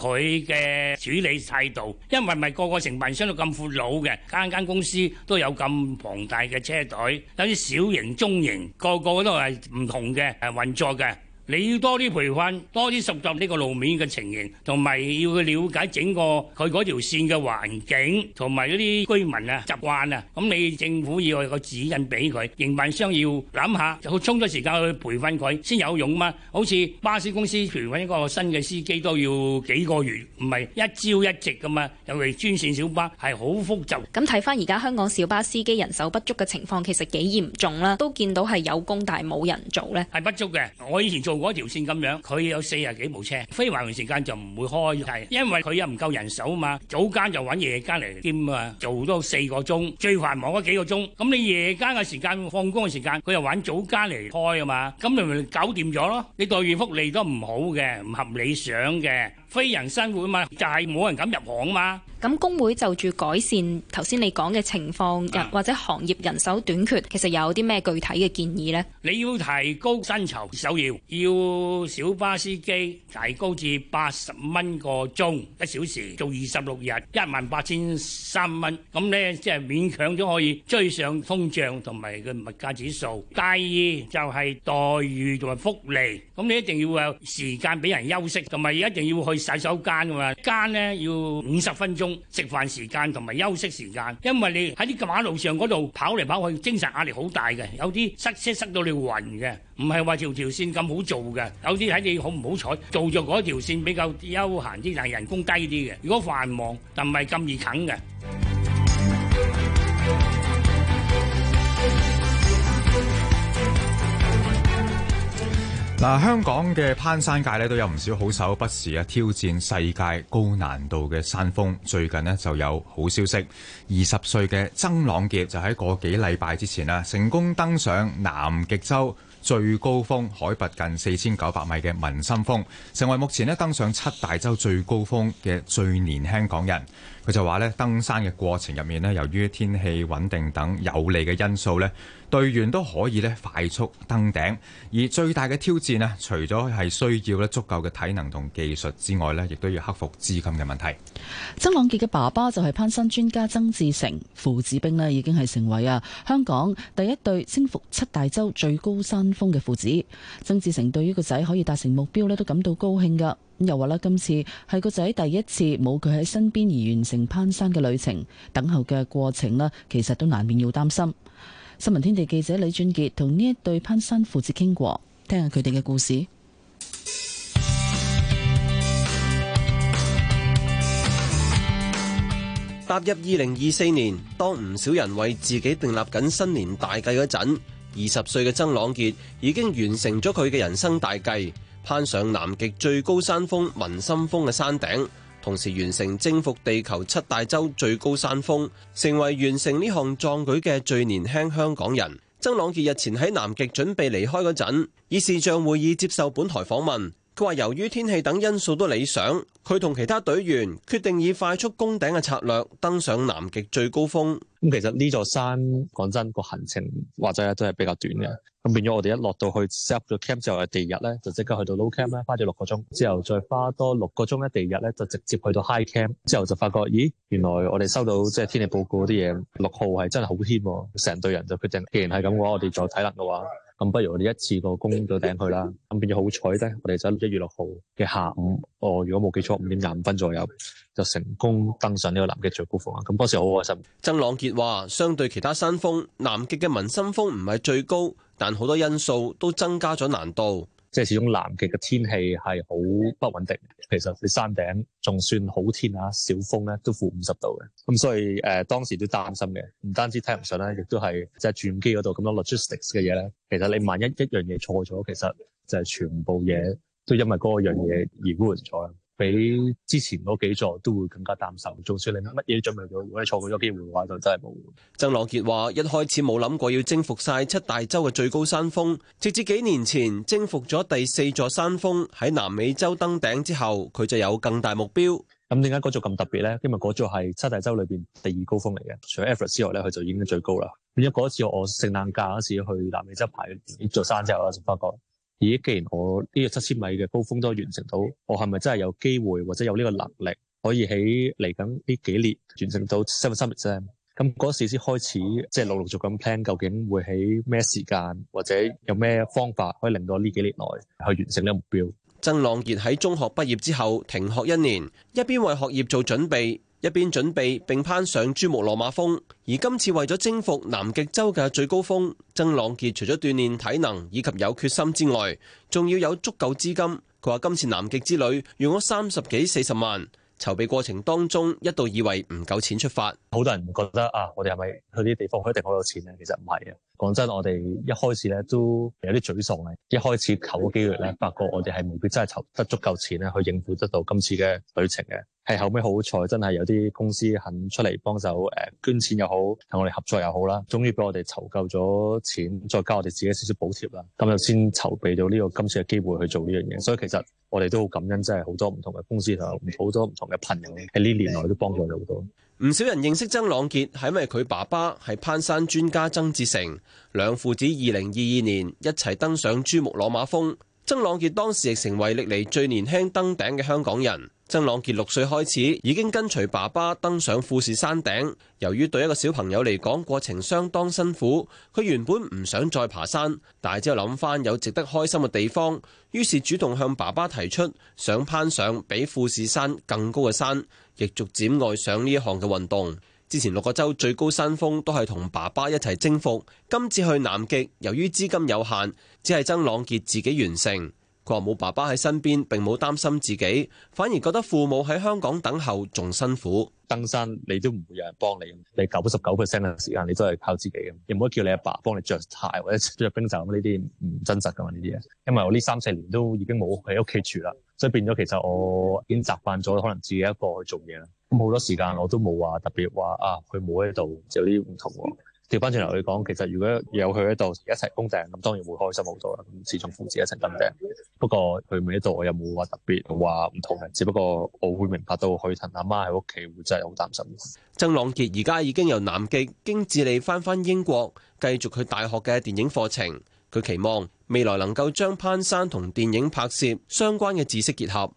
佢嘅處理態度，因為唔係個個承辦商都咁闊佬嘅，間間公司都有咁龐大嘅車隊，有啲小型中型，個個都係唔同嘅係運作嘅。你要多啲培訓，多啲熟習呢個路面嘅情形，同埋要去了解整個佢嗰條線嘅環境，同埋嗰啲居民啊，習慣啊。咁你政府要有個指引俾佢，營辦商要諗下，就充咗時間去培訓佢先有用嘛。好似巴士公司培訓一個新嘅司機都要幾個月，唔係一朝一夕㗎嘛。尤其專線小巴係好複雜。咁睇翻而家香港小巴司機人手不足嘅情況，其實幾嚴重啦，都見到係有工但係冇人做咧。係不足嘅，我以前做。嗰條線咁樣，佢有四十幾部車，非繁忙時間就唔會開，因為佢又唔夠人手啊嘛。早間就揾夜間嚟添啊，做多四個鐘，最繁忙嗰幾個鐘。咁你夜間嘅時間，放工嘅時間，佢又揾早間嚟開啊嘛，咁咪搞掂咗咯。你待遇福利都唔好嘅，唔合理想嘅。非人生活嘛，就係冇人敢入行嘛。咁工會就住改善頭先你講嘅情況，又或者行業人手短缺，其實有啲咩具體嘅建議咧？你要提高薪酬首要，要小巴司機提高至八十蚊個鐘一小時，做二十六日一萬八千三蚊，咁咧即係勉強都可以追上通脹同埋嘅物價指數。第二就係待遇同埋福利，咁你一定要有時間俾人休息，同埋一定要去。洗手間㗎嘛，一間咧要五十分鐘食飯時間同埋休息時間，因為你喺啲馬路上嗰度跑嚟跑去，精神壓力好大嘅。有啲塞車塞，塞，塞到你暈嘅，唔係話條條線咁好做嘅。有啲睇你好唔好彩，做咗嗰條線比較休閒啲，但係人工低啲嘅。如果繁忙，就唔係咁易啃嘅。嗱，香港嘅攀山界咧都有唔少好手不時啊挑戰世界高難度嘅山峰。最近咧就有好消息，二十歲嘅曾朗杰就喺個幾禮拜之前啊成功登上南極洲最高峰，海拔近四千九百米嘅文森峰，成為目前咧登上七大洲最高峰嘅最年輕港人。佢就話咧，登山嘅過程入面咧，由於天氣穩定等有利嘅因素咧。隊員都可以咧快速登頂，而最大嘅挑戰咧，除咗係需要咧足夠嘅體能同技術之外咧，亦都要克服資金嘅問題。曾朗傑嘅爸爸就係攀山專家曾志成父子兵咧，已經係成為啊香港第一對征服七大洲最高山峰嘅父子。曾志成對於個仔可以達成目標咧，都感到高興㗎。又話咧，今次係個仔第一次冇佢喺身邊而完成攀山嘅旅程，等候嘅過程咧，其實都難免要擔心。新聞天地記者李俊杰同呢一對攀山父子傾過，聽下佢哋嘅故事。踏入二零二四年，當唔少人為自己訂立緊新年大計嗰陣，二十歲嘅曾朗杰已經完成咗佢嘅人生大計，攀上南極最高山峰文森峰嘅山頂。同時完成征服地球七大洲最高山峰，成為完成呢項壯舉嘅最年輕香港人。曾朗傑日前喺南極準備離開嗰陣，以視像會議接受本台訪問。佢話：由於天氣等因素都理想，佢同其他隊員決定以快速攻頂嘅策略登上南極最高峰。咁其實呢座山講真個行程或者都係比較短嘅。咁變咗我哋一落到去 set 咗 camp 之後嘅第二日咧，就即刻去到 low camp 咧，花咗六個鐘。之後再花多六個鐘咧，第二日咧就直接去到 high camp。之後就發覺，咦，原來我哋收到即係天氣報告嗰啲嘢，六號係真係好天喎。成隊人就決定，既然係咁嘅話，我哋再睇啦嘅話。咁不如我哋一次過攻到頂佢啦！咁變咗好彩咧，我哋就一月六號嘅下午，我如果冇記錯，五點廿五分左右就成功登上呢個南極最高峰啊！咁當時好開心。曾朗傑話，相對其他山峰，南極嘅文森峰唔係最高，但好多因素都增加咗難度。即係始終南極嘅天氣係好不穩定，其實你山頂仲算好天啊，小風咧都負五十度嘅，咁所以誒、呃、當時都擔心嘅，唔單止聽唔上啦，亦都係即係轉機嗰度咁多 logistics 嘅嘢咧，其實你萬一一樣嘢錯咗，其實就係全部嘢都因為嗰樣嘢而污咗。比之前嗰幾座都會更加擔愁，就算你乜嘢準備咗，如果你錯過咗機會嘅話，就真係冇。曾朗傑話：一開始冇諗過要征服晒七大洲嘅最高山峰，直至幾年前征服咗第四座山峰喺南美洲登頂之後，佢就有更大目標。咁點解嗰座咁特別咧？因為嗰座係七大洲裏邊第二高峰嚟嘅，除咗 Everest 之外咧，佢就已經最高啦。因為嗰一次我聖誕假嗰次去南美洲爬呢座山之後，我就發覺。咦，既然我呢個七千米嘅高峰都完成到，我係咪真係有機會或者有呢個能力可以喺嚟緊呢幾年完成到 Seven Summits？咁嗰時先開始即係陸陸續續咁 plan，究竟會喺咩時間或者有咩方法可以令到呢幾年內去完成呢個目標？曾浪傑喺中學畢業之後停學一年，一邊為學業做準備。一邊準備並攀上珠穆朗瑪峰，而今次為咗征服南極洲嘅最高峰，曾朗杰除咗鍛煉體能以及有決心之外，仲要有足夠資金。佢話今次南極之旅用咗三十幾四十萬，籌備過程當中一度以為唔夠錢出發，好多人覺得啊，我哋係咪去啲地方佢一定好有錢呢？其實唔係啊，講真，我哋一開始咧都有啲沮喪啊，一開始求嘅機會咧，發覺我哋係未必真係籌得足夠錢咧，去應付得到今次嘅旅程嘅。係後尾好彩，真係有啲公司肯出嚟幫手，誒捐錢又好，同我哋合作又好啦，終於俾我哋籌夠咗錢，再交我哋自己少少補貼啦，咁就先籌備到呢個今次嘅機會去做呢樣嘢。所以其實我哋都好感恩，真係好多唔同嘅公司同好多唔同嘅朋友喺呢年內都幫助咗好多。唔少人認識曾朗傑，係因為佢爸爸係攀山專家曾志成，兩父子二零二二年一齊登上珠穆朗瑪峰。曾朗杰當時亦成為歷嚟最年輕登頂嘅香港人。曾朗杰六歲開始已經跟隨爸爸登上富士山頂，由於對一個小朋友嚟講過程相當辛苦，佢原本唔想再爬山，但係之後諗翻有值得開心嘅地方，於是主動向爸爸提出想攀上比富士山更高嘅山，亦逐漸愛上呢一項嘅運動。之前六個州最高山峰都係同爸爸一齊征服，今次去南極，由於資金有限，只係曾朗傑自己完成。佢話冇爸爸喺身邊，並冇擔心自己，反而覺得父母喺香港等候仲辛苦。登山你都唔會有人幫你，你九十九 percent 嘅時間你都係靠自己嘅，亦冇得叫你阿爸幫你着鞋或者着冰袖，呢啲唔真實噶嘛呢啲嘢。因為我呢三四年都已經冇喺屋企住啦，所以變咗其實我已經習慣咗可能自己一個去做嘢啦。咁好多時間我都冇話特別話啊，佢冇喺度就有啲唔同喎。調翻轉頭去講，其實如果有佢喺度一齊攻頂，咁當然會開心好多啦。咁始終父子一齊登頂。不過佢未喺度，我又冇話特別話唔同人。只不過我會明白到佢同阿媽喺屋企會真係好擔心。曾朗傑而家已經由南極經智利翻返英國，繼續佢大學嘅電影課程。佢期望未來能夠將攀山同電影拍攝相關嘅知識結合。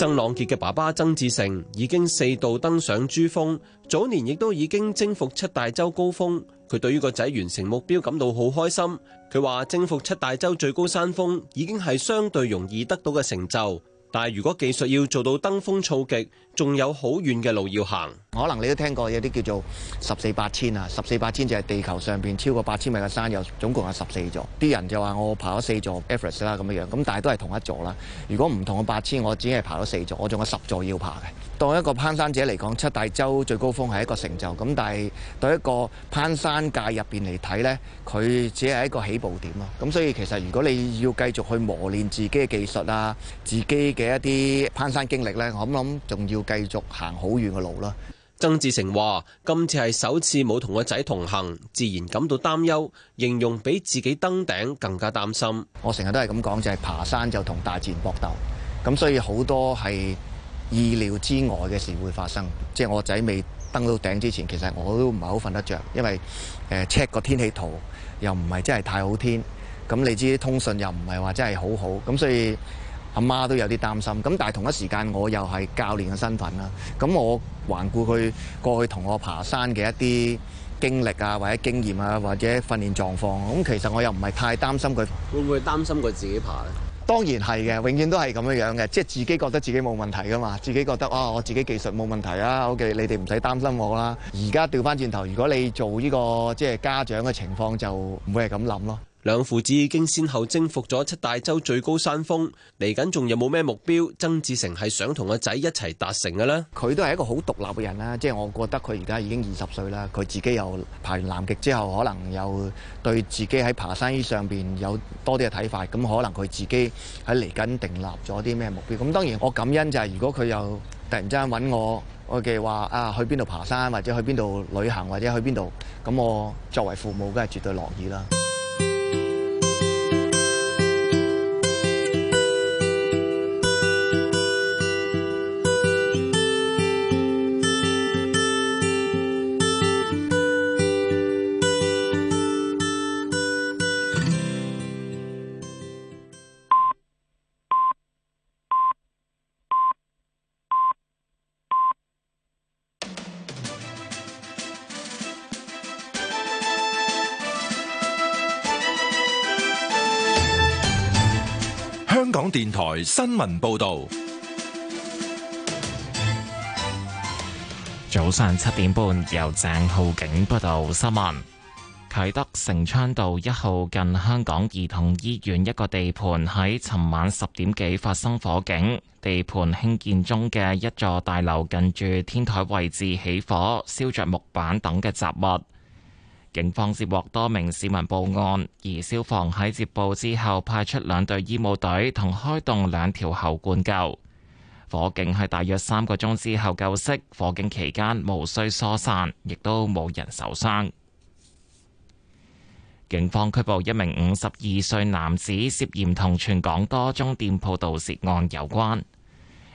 曾朗杰嘅爸爸曾志成已經四度登上珠峰，早年亦都已經征服七大洲高峰。佢對於個仔完成目標感到好開心。佢話征服七大洲最高山峰已經係相對容易得到嘅成就，但係如果技術要做到登峰造極，仲有好遠嘅路要行。可能你都聽過有啲叫做十四八千啊，十四八千就係地球上邊超過八千米嘅山有總共有十四座，啲人就話我爬咗四座 Everest 啦咁樣樣，咁但係都係同一座啦。如果唔同嘅八千，我只係爬咗四座，我仲有十座要爬嘅。當一個攀山者嚟講，七大洲最高峰係一個成就，咁但係對一個攀山界入邊嚟睇呢，佢只係一個起步點咯。咁所以其實如果你要繼續去磨練自己嘅技術啊，自己嘅一啲攀山經歷呢，我諗諗仲要繼續行好遠嘅路啦。曾志成話：今次係首次冇同個仔同行，自然感到擔憂，形容比自己登頂更加擔心。我成日都係咁講，就係、是、爬山就同大自然搏鬥，咁所以好多係意料之外嘅事會發生。即、就、係、是、我個仔未登到頂之前，其實我都唔係好瞓得着，因為誒 check 個天氣圖又唔係真係太好天，咁你知通訊又唔係話真係好好，咁所以。阿媽都有啲擔心，咁但係同一時間我又係教練嘅身份啦，咁我環顧佢過去同我爬山嘅一啲經歷啊，或者經驗啊，或者訓練狀況，咁其實我又唔係太擔心佢。會唔會擔心佢自己爬咧？當然係嘅，永遠都係咁樣樣嘅，即係自己覺得自己冇問題噶嘛，自己覺得哇、啊，我自己技術冇問題啊，OK，你哋唔使擔心我啦。而家調翻轉頭，如果你做呢個即係家長嘅情況，就唔會係咁諗咯。兩父子已經先後徵服咗七大洲最高山峰，嚟緊仲有冇咩目標？曾志成係想同個仔一齊達成嘅咧。佢都係一個好獨立嘅人啦，即係我覺得佢而家已經二十歲啦。佢自己又爬完南極之後，可能又對自己喺爬山呢上邊有多啲嘅睇法。咁可能佢自己喺嚟緊定立咗啲咩目標？咁當然我感恩就係，如果佢又突然之間搵我我嘅話，啊去邊度爬山，或者去邊度旅行，或者去邊度咁，我作為父母，梗係絕對樂意啦。台新聞報道，早上七點半由鄭浩景報道新聞。啟德承昌道一號近香港兒童醫院一個地盤喺尋晚十點幾發生火警，地盤興建中嘅一座大樓近住天台位置起火，燒着木板等嘅雜物。警方接獲多名市民報案，而消防喺接報之後派出兩隊醫務隊同開動兩條喉管救。火警喺大約三個鐘之後救熄，火警期間無需疏散，亦都冇人受傷。警方拘捕一名五十二歲男子，涉嫌同全港多宗店鋪盜竊案有關。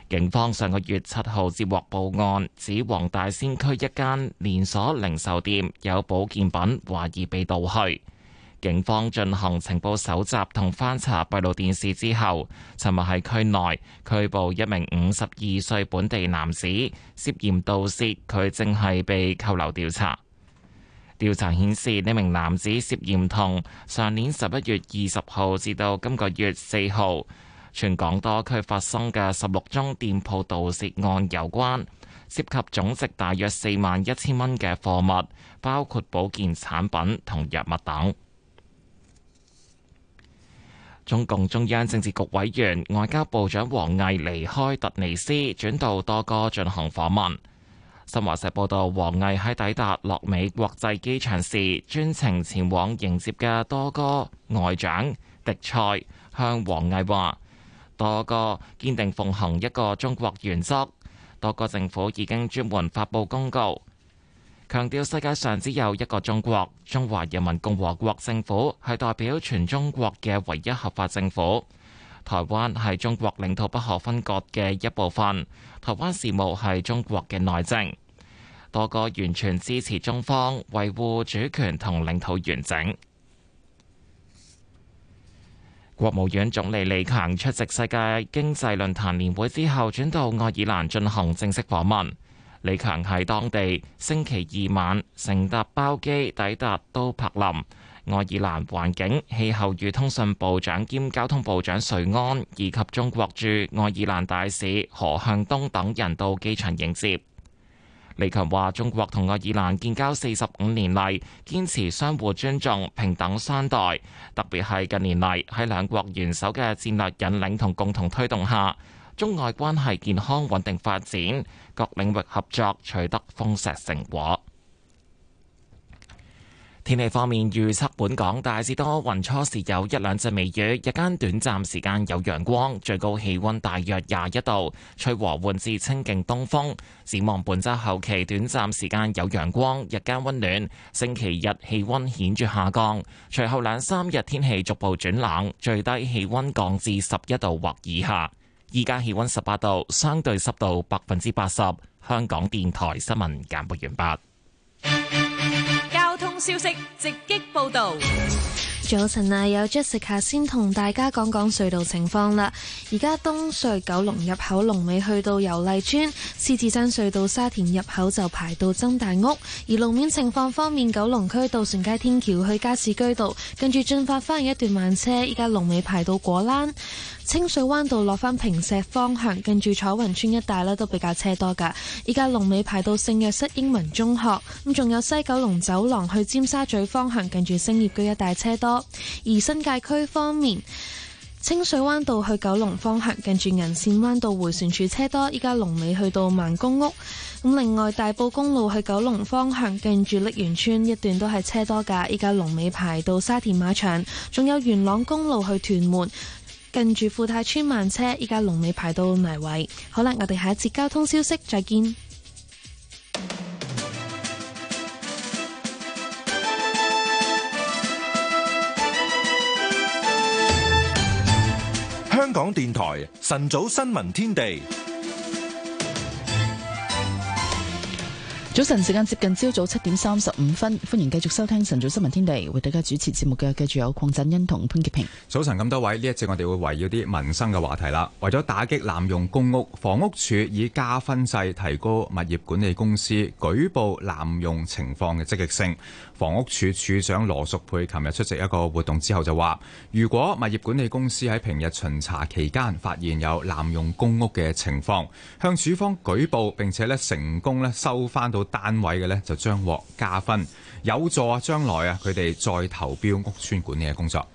警方上個月七號接獲報案，指黃大仙區一間連鎖零售店有保健品懷疑被盜去。警方進行情報蒐集同翻查閉路電視之後，尋日喺區內拘捕一名五十二歲本地男子，涉嫌盜竊。佢正係被扣留調查。調查顯示，呢名男子涉嫌同上年十一月二十號至到今個月四號。全港多區發生嘅十六宗店鋪盜竊案有關，涉及總值大約四萬一千蚊嘅貨物，包括保健產品同藥物等。中共中央政治局委員、外交部長王毅離開突尼斯，轉到多哥進行訪問。新華社報道，王毅喺抵達洛美國際機場時，專程前往迎接嘅多哥外長迪塞向王毅話。多個堅定奉行一個中國原則，多個政府已經專門發布公告，強調世界上只有一個中國，中華人民共和國政府係代表全中國嘅唯一合法政府，台灣係中國領土不可分割嘅一部分，台灣事務係中國嘅內政，多個完全支持中方維護主權同領土完整。國務院總理李強出席世界經濟論壇年會之後，轉到愛爾蘭進行正式訪問。李強喺當地星期二晚乘搭包機抵達都柏林，愛爾蘭環境、氣候與通訊部長兼交通部長瑞安以及中國駐愛爾蘭大使何向東等人到機場迎接。李強話：中國同愛爾蘭建交四十五年嚟，堅持相互尊重、平等相待，特別係近年嚟，喺兩國元首嘅戰略引領同共同推動下，中外關係健康穩定發展，各領域合作取得豐碩成果。天氣方面預測，本港大致多雲，初時有一兩陣微雨，日間短暫時間有陽光，最高氣溫大約廿一度，吹和緩至清勁東風。展望本周後期短暫時間有陽光，日間溫暖。星期日氣溫顯著下降，隨後兩三日天氣逐步轉冷，最低氣溫降至十一度或以下。依家氣溫十八度，相對濕度百分之八十。香港電台新聞簡報完畢。消息直擊報道，早晨啊，有 Jessica 先同大家講講隧道情況啦。而家東隧九龍入口龍尾去到油麗邨，獅子山隧道沙田入口就排到曾大屋。而路面情況方面，九龍區渡船街天橋去加士居道，跟住進發翻嘅一段慢車，依家龍尾排到果欄。清水灣道落返平石方向，近住彩雲村一帶呢都比較車多噶。依家龍尾排到聖約瑟英文中學，咁仲有西九龍走廊去尖沙咀方向，近住聖業居一帶車多。而新界區方面，清水灣道去九龍方向，近住銀線灣道回旋處車多。依家龍尾去到萬公屋，咁另外大埔公路去九龍方向，近住瀝源村一段都係車多噶。依家龍尾排到沙田馬場，仲有元朗公路去屯門。近住富泰邨慢車，依家龍尾排到埋位。好啦，我哋下一次交通消息再見。香港電台晨早新聞天地。早晨，時間接近朝早七點三十五分，歡迎繼續收聽晨早新聞天地，為大家主持節目嘅繼續有鄺振欣同潘潔平。早晨，咁多位，呢一節我哋會圍繞啲民生嘅話題啦，為咗打擊濫用公屋，房屋署以加分制提高物業管理公司舉報濫用情況嘅積極性。房屋署署長羅淑佩琴日出席一個活動之後就話：如果物業管理公司喺平日巡查期間發現有濫用公屋嘅情況，向署方舉報並且咧成功咧收返到單位嘅咧，就將獲加分，有助啊將來啊佢哋再投標屋邨管理嘅工作。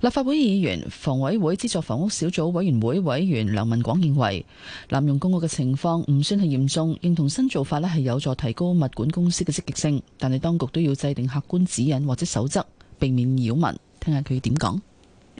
立法會議員、房委會資助房屋小組委員會委員梁文廣認為，濫用公屋嘅情況唔算係嚴重，認同新做法呢係有助提高物管公司嘅積極性，但係當局都要制定客觀指引或者守則，避免擾民。聽下佢點講。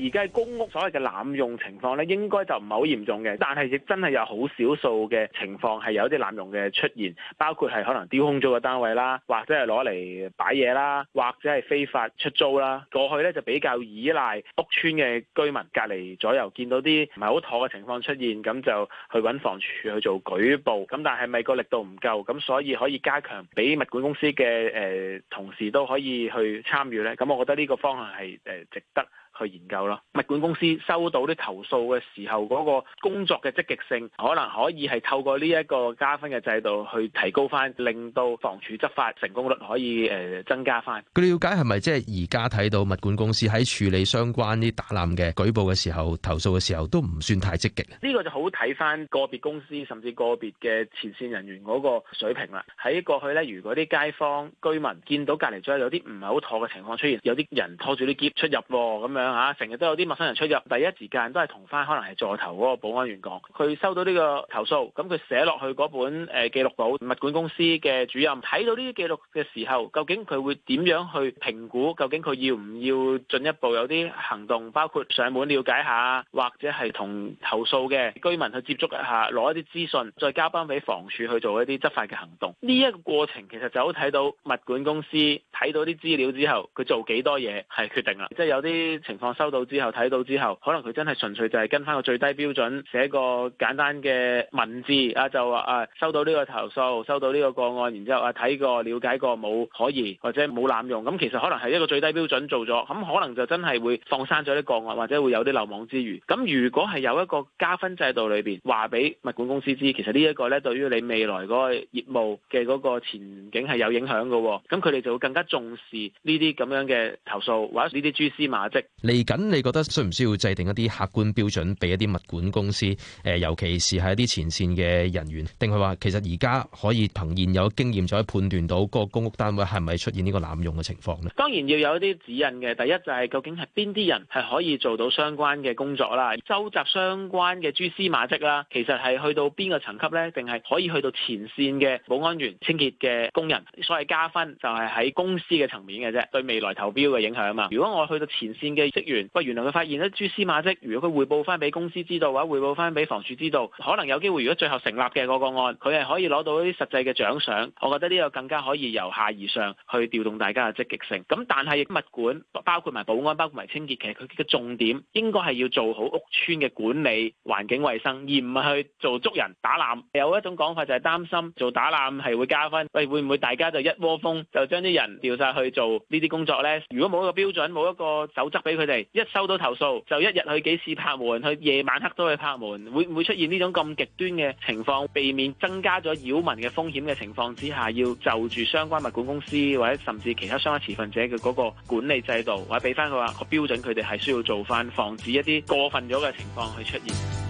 而家公屋所謂嘅濫用情況咧，應該就唔係好嚴重嘅，但係亦真係有好少數嘅情況係有啲濫用嘅出現，包括係可能丟空租嘅單位啦，或者係攞嚟擺嘢啦，或者係非法出租啦。過去咧就比較依賴屋邨嘅居民隔離左右見到啲唔係好妥嘅情況出現，咁就去揾房署去做舉報。咁但係咪個力度唔夠？咁所以可以加強，俾物管公司嘅誒、呃、同事都可以去參與咧。咁我覺得呢個方向係誒、呃、值得。去研究咯，物管公司收到啲投訴嘅時候，嗰個工作嘅積極性，可能可以係透過呢一個加分嘅制度去提高翻，令到房署執法成功率可以誒增加翻。據了解係咪即係而家睇到物管公司喺處理相關啲打濫嘅舉報嘅時候，投訴嘅時候都唔算太積極？呢個就好睇翻個別公司甚至個別嘅前綫人員嗰個水平啦。喺過去咧，如果啲街坊居民見到隔籬咗有啲唔係好妥嘅情況出現，有啲人拖住啲篋出入咁樣。啊！成日都有啲陌生人出入，第一時間都係同返可能係座頭嗰個保安員講，佢收到呢個投訴，咁佢寫落去嗰本誒記錄簿，物管公司嘅主任睇到呢啲記錄嘅時候，究竟佢會點樣去評估？究竟佢要唔要進一步有啲行動，包括上門了解下，或者係同投訴嘅居民去接觸一下，攞一啲資訊，再交返畀房署去做一啲執法嘅行動。呢一個過程其實就好睇到物管公司睇到啲資料之後，佢做幾多嘢係決定啦，即係有啲。情況收到之後睇到之後，可能佢真係純粹就係跟翻個最低標準寫個簡單嘅文字啊，就話啊收到呢個投訴，收到呢個個案，然之後啊睇過了解過冇可疑或者冇濫用，咁其實可能係一個最低標準做咗，咁可能就真係會放生咗啲個案，或者會有啲漏網之魚。咁如果係有一個加分制度裏邊話俾物管公司知，其實呢一個咧對於你未來嗰個業務嘅嗰個前景係有影響嘅，咁佢哋就會更加重視呢啲咁樣嘅投訴或者呢啲蛛絲馬跡。嚟緊，你覺得需唔需要制定一啲客觀標準，俾一啲物管公司？誒、呃，尤其是係一啲前線嘅人員，定係話其實而家可以憑現有經驗就可以判斷到個公屋單位係咪出現呢個濫用嘅情況呢？當然要有一啲指引嘅。第一就係究竟係邊啲人係可以做到相關嘅工作啦，收集相關嘅蛛絲馬跡啦。其實係去到邊個層級呢？定係可以去到前線嘅保安員、清潔嘅工人？所謂加分就係、是、喺公司嘅層面嘅啫，對未來投標嘅影響嘛。如果我去到前線嘅。職員喂，原來佢發現咧蛛絲馬跡，如果佢匯報翻俾公司知道或者匯報翻俾房署知道，可能有機會。如果最後成立嘅嗰個案，佢係可以攞到一啲實際嘅獎賞。我覺得呢個更加可以由下而上去調動大家嘅積極性。咁但係物管包括埋保安、包括埋清潔，其實佢嘅重點應該係要做好屋邨嘅管理、環境衞生，而唔係去做捉人、打攬。有一種講法就係擔心做打攬係會加分，喂會唔會大家就一窩蜂，蜂就將啲人調晒去做呢啲工作呢？如果冇一個標準，冇一個守則俾。佢哋一收到投訴，就一日去幾次拍門，去夜晚黑都去拍門，會唔會出現呢種咁極端嘅情況？避免增加咗擾民嘅風險嘅情況之下，要就住相關物管公司或者甚至其他相關持份者嘅嗰個管理制度，或者俾翻佢話個標準，佢哋係需要做翻，防止一啲過分咗嘅情況去出現。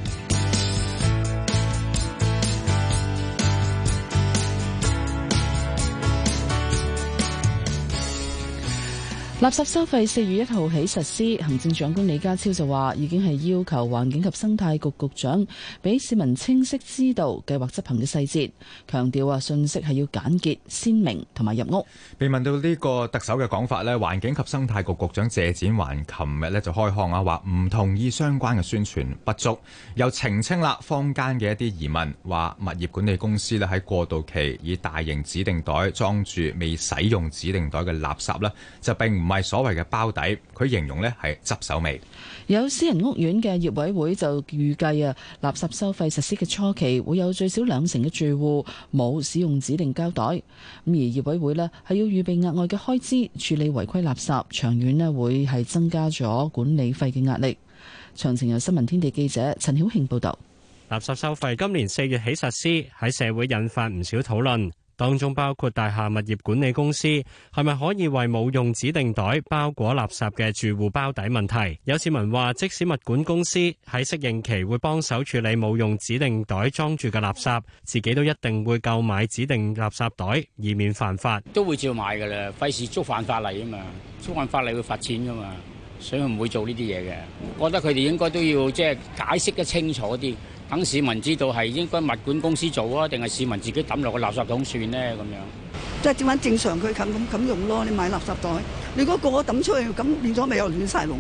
垃圾收費四月一號起實施，行政長官李家超就話已經係要求環境及生態局局長俾市民清晰知道計劃執行嘅細節，強調話信息係要簡潔、鮮明同埋入屋。被問到呢個特首嘅講法咧，環境及生態局局長謝展寰琴日咧就開腔啊，話唔同意相關嘅宣傳不足，又澄清啦坊間嘅一啲疑問，話物業管理公司咧喺過渡期以大型指定袋裝住未使用指定袋嘅垃圾咧，就並唔。唔係所謂嘅包底，佢形容呢係執手尾。有私人屋苑嘅業委會就預計啊，垃圾收費實施嘅初期會有最少兩成嘅住戶冇使用指定膠袋，咁而業委會呢，係要預備額外嘅開支處理違規垃圾，長遠呢會係增加咗管理費嘅壓力。詳情由新聞天地記者陳曉慶報導，垃圾收費今年四月起實施喺社會引發唔少討論。當中包括大廈物業管理公司係咪可以為冇用指定袋包裹垃圾嘅住戶包底問題？有市民話：即使物管公司喺適應期會幫手處理冇用指定袋裝住嘅垃圾，自己都一定會購買指定垃圾袋，以免犯法。都會照買㗎啦，費事觸犯法例啊嘛，觸犯法例會罰錢㗎嘛，所以唔會做呢啲嘢嘅。我覺得佢哋應該都要即係解釋得清楚啲。等市民知道係應該物管公司做啊，定係市民自己抌落個垃圾桶算咧咁樣。即係點樣正常佢咁咁用咯？你買垃圾袋，你嗰個抌出去咁，變咗咪又亂晒龍。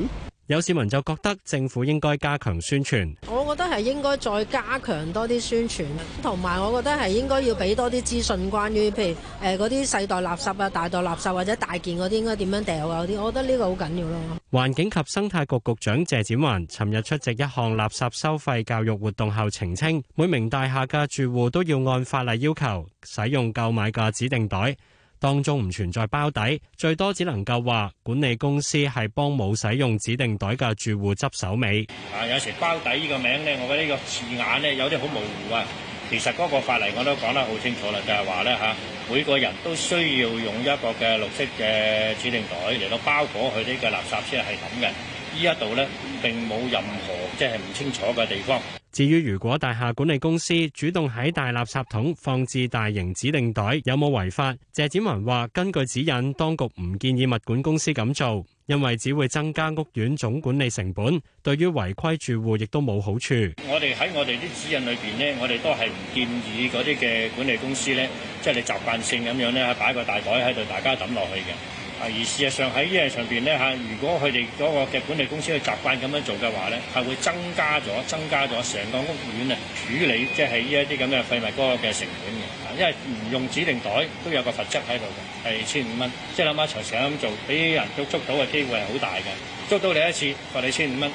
有市民就覺得政府應該加強宣傳。我覺得係應該再加強多啲宣傳，同埋我覺得係應該要俾多啲資訊，關於譬如誒嗰啲細袋垃圾啊、大袋垃圾或者大件嗰啲應該點樣掉啊嗰啲，我覺得呢個好緊要咯。環境及生態局局長謝展寰尋日出席一項垃圾收費教育活動後澄清，每名大廈嘅住戶都要按法例要求使用購買嘅指定袋。當中唔存在包底，最多只能夠話管理公司係幫冇使用指定袋嘅住戶執手尾。啊，有時包底呢個名咧，我覺得呢個字眼咧有啲好模糊啊。其實嗰個法例我都講得好清楚啦，就係話咧吓，每個人都需要用一個嘅綠色嘅指定袋嚟到包裹佢呢個垃圾車系統嘅。呢一度咧並冇任何即係唔清楚嘅地方。至於如果大廈管理公司主動喺大垃圾桶放置大型指定袋，有冇違法？謝展寰話：根據指引，當局唔建議物管公司咁做，因為只會增加屋苑總管理成本，對於違規住戶亦都冇好處。我哋喺我哋啲指引裏邊咧，我哋都係唔建議嗰啲嘅管理公司咧，即係你習慣性咁樣咧，擺個大袋喺度，大家抌落去嘅。而事實上喺呢樣上邊咧嚇，如果佢哋嗰個嘅管理公司去習慣咁樣做嘅話咧，係會增加咗增加咗成個屋苑啊處理即係呢一啲咁嘅廢物嗰個嘅成本嘅，因為唔用指定袋都有個罰則喺度嘅，係千五蚊。即係諗下長時間咁做，俾人都捉，捉到嘅機會係好大嘅，捉到你一次罰你千五蚊，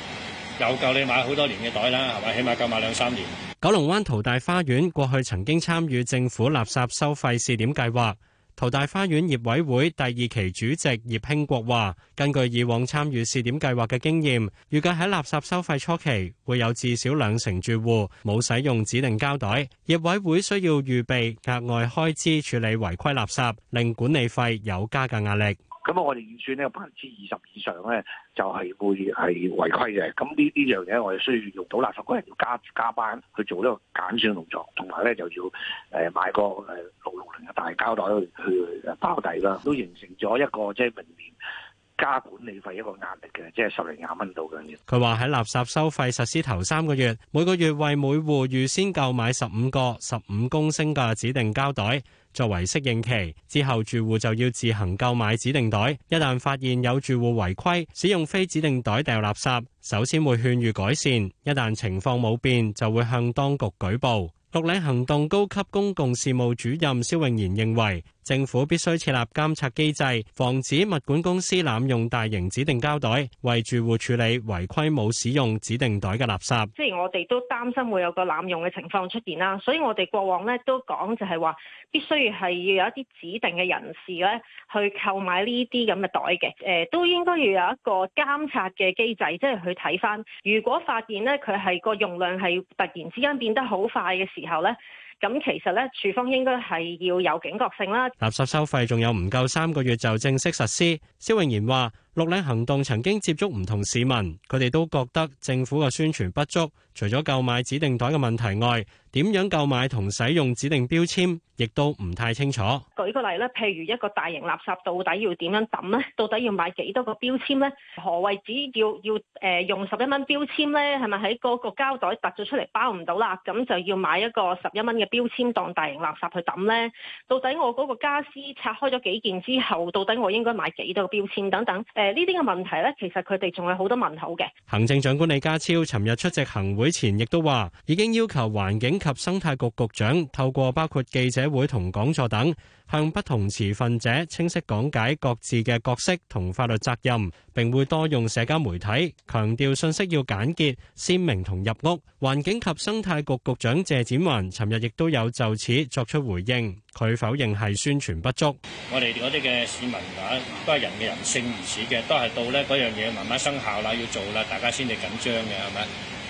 又夠你買好多年嘅袋啦，係咪？起碼夠買兩三年。九龍灣淘大花園過去曾經參與政府垃圾收費試點計劃。淘大花園業委會第二期主席葉興國話，根據以往參與試點計劃嘅經驗，預計喺垃圾收費初期，會有至少兩成住戶冇使用指定膠袋，業委會需要預備額外開支處理違規垃圾，令管理費有加價壓力。咁啊，我哋預算咧百分之二十以上咧，就係會係違規嘅。咁呢呢樣嘢，我哋需要用到垃圾工人要加加班去做呢個減少嘅動作，同埋咧就要誒買個誒六六零嘅大膠袋去包底啦。都形成咗一個即係明年加管理費一個壓力嘅，即係十零廿蚊度嘅。佢話喺垃圾收費實施頭三個月，每個月為每戶預先購買十五個十五公升嘅指定膠袋。作為適應期，之後，住戶就要自行購買指定袋。一旦發現有住戶違規使用非指定袋掉垃圾，首先會勸喻改善。一旦情況冇變，就會向當局舉報。綠領行動高級公共事務主任肖永賢認為。政府必須設立監察機制，防止物管公司濫用大型指定膠袋，為住戶處理違規冇使用指定袋嘅垃圾。即係我哋都擔心會有個濫用嘅情況出現啦，所以我哋過往呢都講就係話，必須要係要有一啲指定嘅人士咧去購買呢啲咁嘅袋嘅。誒、呃，都應該要有一個監察嘅機制，即係去睇翻，如果發現呢，佢係個用量係突然之間變得好快嘅時候呢。咁其實咧，處方應該係要有警覺性啦。垃圾收費仲有唔夠三個月就正式實施，肖穎賢話。綠領行動曾經接觸唔同市民，佢哋都覺得政府嘅宣傳不足。除咗購買指定袋嘅問題外，點樣購買同使用指定標籤，亦都唔太清楚。舉個例咧，譬如一個大型垃圾到底要點樣抌呢？到底要買幾多個標籤呢？何謂只要要誒用十一蚊標籤呢？係咪喺嗰個膠袋凸咗出嚟包唔到啦？咁就要買一個十一蚊嘅標籤當大型垃圾去抌呢？到底我嗰個傢俬拆開咗幾件之後，到底我應該買幾多個標籤等等？呢啲嘅問題咧，其實佢哋仲有好多問號嘅。行政長官李家超尋日出席行會前，亦都話已經要求環境及生態局局長透過包括記者會同講座等。向不同持份者清晰講解各自嘅角色同法律責任，並會多用社交媒體，強調信息要簡潔、鮮明同入屋。環境及生態局局長謝展寰，尋日亦都有就此作出回應。佢否認係宣傳不足。我哋嗰啲嘅市民啊，都係人嘅人性如此嘅，都係到咧嗰樣嘢慢慢生效啦，要做啦，大家先至緊張嘅係咪？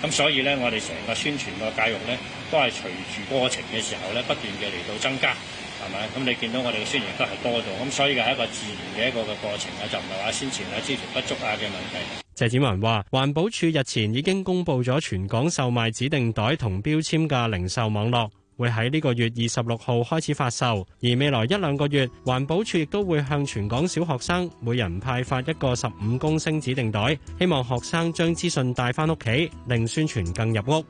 咁所以咧，我哋成個宣傳個教育咧，都係隨住過程嘅時候咧，不斷嘅嚟到增加。係咪？咁你見到我哋嘅宣傳都係多咗，咁所以嘅係一個自然嘅一個嘅過程啊，就唔係話宣傳啊、資訊不足啊嘅問題。謝展雲話，環保署日前已經公布咗全港售賣指定袋同標籤嘅零售網絡，會喺呢個月二十六號開始發售，而未來一兩個月，環保署亦都會向全港小學生每人派發一個十五公升指定袋，希望學生將資訊帶翻屋企，令宣傳更入屋。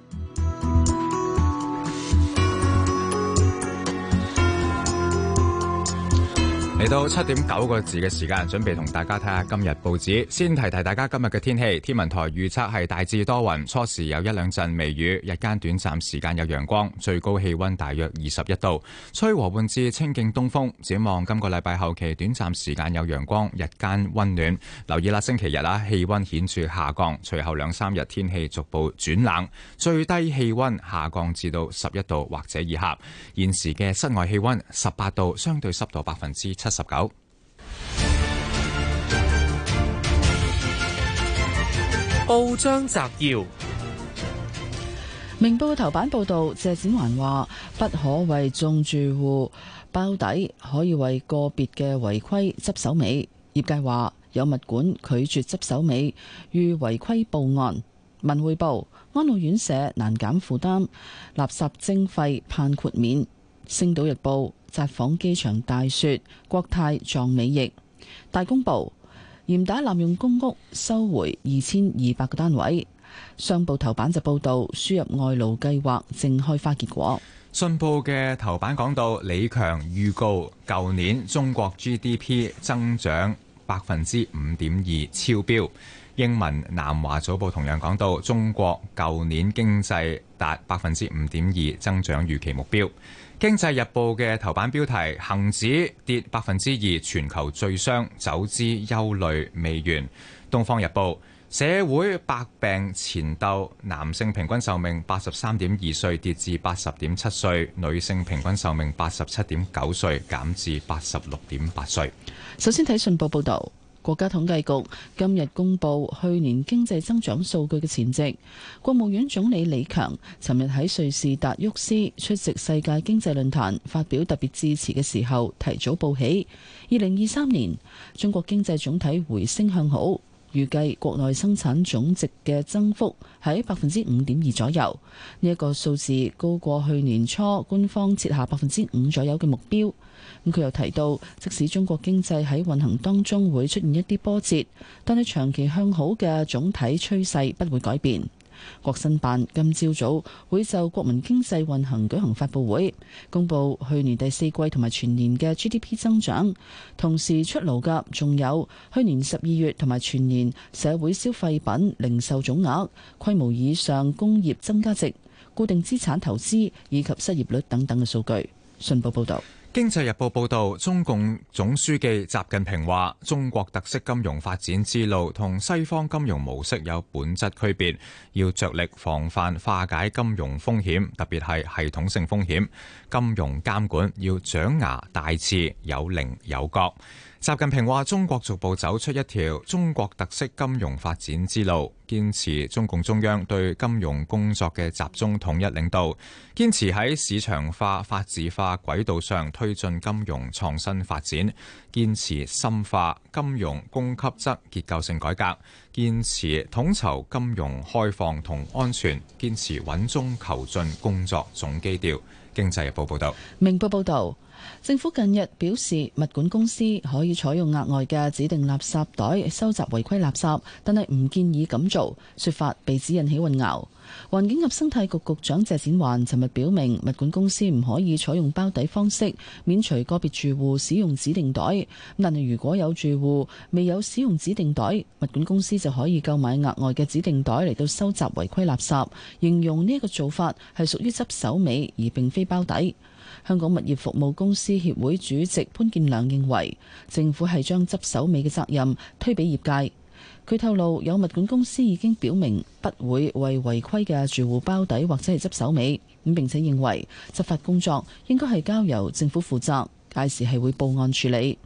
嚟到七點九個字嘅時間，準備同大家睇下今日報紙。先提提大家今日嘅天氣，天文台預測係大致多雲，初時有一兩陣微雨，日間短暫時間有陽光，最高氣溫大約二十一度，吹和緩至清勁東風。展望今個禮拜後期短暫時間有陽光，日間溫暖。留意啦，星期日啦，氣溫顯著下降，隨後兩三日天氣逐步轉冷，最低氣溫下降至到十一度或者以下。現時嘅室外氣溫十八度，相對濕度百分之。七十九。報章摘要：明報嘅頭版報道，謝展環話不可為眾住戶包底，可以為個別嘅違規執手尾。業界話有物管拒絕執手尾，遇違規報案。文匯報，安老院舍難減負擔，垃圾徵費盼豁免。星島日報。札幌機場大雪，國泰撞尾翼。大公報嚴打濫用公屋，收回二千二百個單位。商報頭版就報道輸入外勞計劃正開花結果。信報嘅頭版講到李強預告舊年中國 GDP 增長百分之五點二超標。英文南華早報同樣講到中國舊年經濟達百分之五點二增長預期目標。經濟日報嘅頭版標題：恒指跌百分之二，全球最傷，走資憂慮未完。東方日報：社會百病纏鬥，男性平均壽命八十三點二歲跌至八十點七歲，女性平均壽命八十七點九歲減至八十六點八歲。首先睇信報報道。國家統計局今日公布去年經濟增長數據嘅前夕，國務院總理李強尋日喺瑞士達沃斯出席世界經濟論壇發表特別致辭嘅時候，提早報喜。二零二三年中國經濟總體回升向好，預計國內生產總值嘅增幅喺百分之五點二左右。呢一個數字高過去年初官方設下百分之五左右嘅目標。佢又提到，即使中國經濟喺運行當中會出現一啲波折，但係長期向好嘅總體趨勢不會改變。國新辦今朝早，早會就國民經濟運行舉行發佈會，公布去年第四季同埋全年嘅 GDP 增長，同時出爐嘅仲有去年十二月同埋全年社會消費品零售總額、規模以上工業增加值、固定資產投資以及失業率等等嘅數據。信報報道。《經濟日報》報導，中共總書記習近平話，中國特色金融發展之路同西方金融模式有本質區別，要着力防範化解金融風險，特別係系統性風險。金融監管要長牙大刺，有棱有角。習近平話：中國逐步走出一條中國特色金融發展之路，堅持中共中央對金融工作嘅集中統一領導，堅持喺市場化、法治化軌道上推進金融創新發展，堅持深化金融供給側結構性改革，堅持統籌金融開放同安全，堅持穩中求進工作總基調。經濟日報報道，明報報道。政府近日表示，物管公司可以採用額外嘅指定垃圾袋收集違規垃圾，但係唔建議咁做。説法被指引起混淆。環境及生態局局長謝展寰尋日表明，物管公司唔可以採用包底方式免除個別住戶使用指定袋。但係如果有住戶未有使用指定袋，物管公司就可以購買額外嘅指定袋嚟到收集違規垃圾。形容呢一個做法係屬於執手尾，而並非包底。香港物業服務公司協會主席潘建良認為，政府係將執手尾嘅責任推俾業界。佢透露，有物管公司已經表明不會為違規嘅住戶包底或者係執手尾。咁並且認為，執法工作應該係交由政府負責，屆時係會報案處理。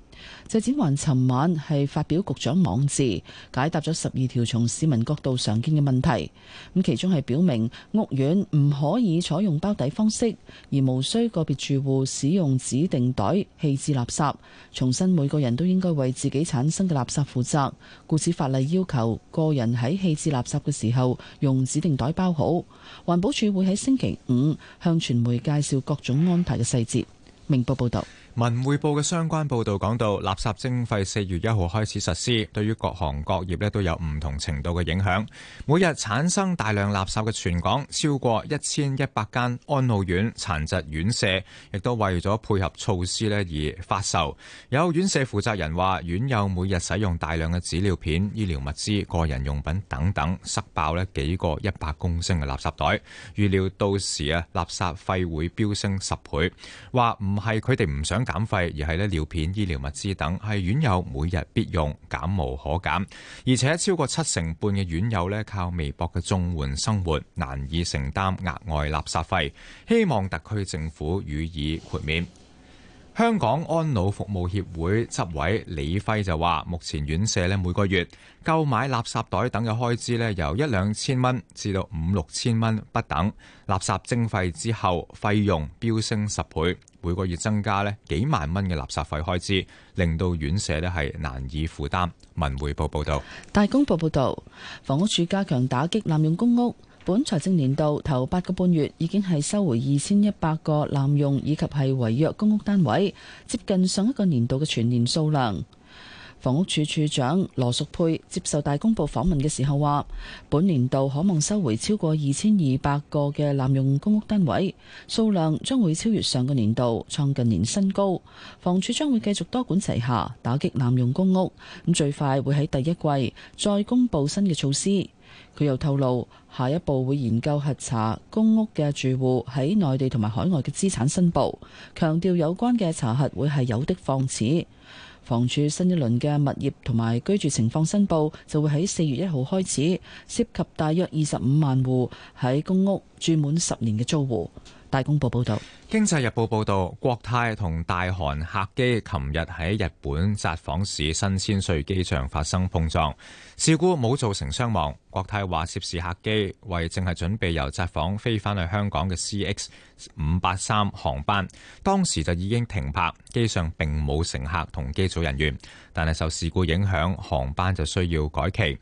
謝展寰尋晚係發表局長網誌，解答咗十二條從市民角度常見嘅問題。咁其中係表明屋苑唔可以採用包底方式，而無需個別住戶使用指定袋棄置垃圾。重申每個人都應該為自己產生嘅垃圾負責，故此法例要求個人喺棄置垃圾嘅時候用指定袋包好。環保署會喺星期五向傳媒介紹各種安排嘅細節。明報報道。文匯報嘅相關報道講到，垃圾徵費四月一號開始實施，對於各行各業咧都有唔同程度嘅影響。每日產生大量垃圾嘅全港超過一千一百間安老院、殘疾院舍，亦都為咗配合措施咧而發愁。有院舍負責人話，院友每日使用大量嘅紙尿片、醫療物資、個人用品等等，塞爆咧幾個一百公升嘅垃圾袋。預料到時啊，垃圾費會飆升十倍。話唔係佢哋唔想。減費而係呢，尿片、醫療物資等，係院友每日必用，減無可減。而且超過七成半嘅院友呢靠微薄嘅綜援生活，難以承擔額外垃圾費，希望特區政府予以豁免。香港安老服務協會執委李輝就話，目前院舍呢每個月購買垃圾袋等嘅開支呢，由一兩千蚊至到五六千蚊不等。垃圾徵費之後，費用飆升十倍，每個月增加呢幾萬蚊嘅垃圾費開支，令到院舍呢係難以負擔。文匯報報道，大公報報道，房屋署加強打擊濫用公屋。本財政年度頭八個半月已經係收回二千一百個濫用以及係違約公屋單位，接近上一個年度嘅全年數量。房屋署署長羅淑佩接受大公報訪問嘅時候話，本年度可望收回超過二千二百個嘅濫用公屋單位，數量將會超越上個年度，創近年新高。房署將會繼續多管齊下，打擊濫用公屋，咁最快會喺第一季再公布新嘅措施。佢又透露，下一步會研究核查公屋嘅住戶喺內地同埋海外嘅資產申報，強調有關嘅查核會係有的放矢。房署新一輪嘅物業同埋居住情況申報就會喺四月一號開始，涉及大約二十五萬戶喺公屋住滿十年嘅租戶。大公報報道，《經濟日報》報道，國泰同大韓客機琴日喺日本札幌市新千歲機場發生碰撞事故，冇造成傷亡。國泰話涉事客機為正係準備由札幌飛返去香港嘅 CX 五八三航班，當時就已經停泊，機上並冇乘客同機組人員，但係受事故影響，航班就需要改期。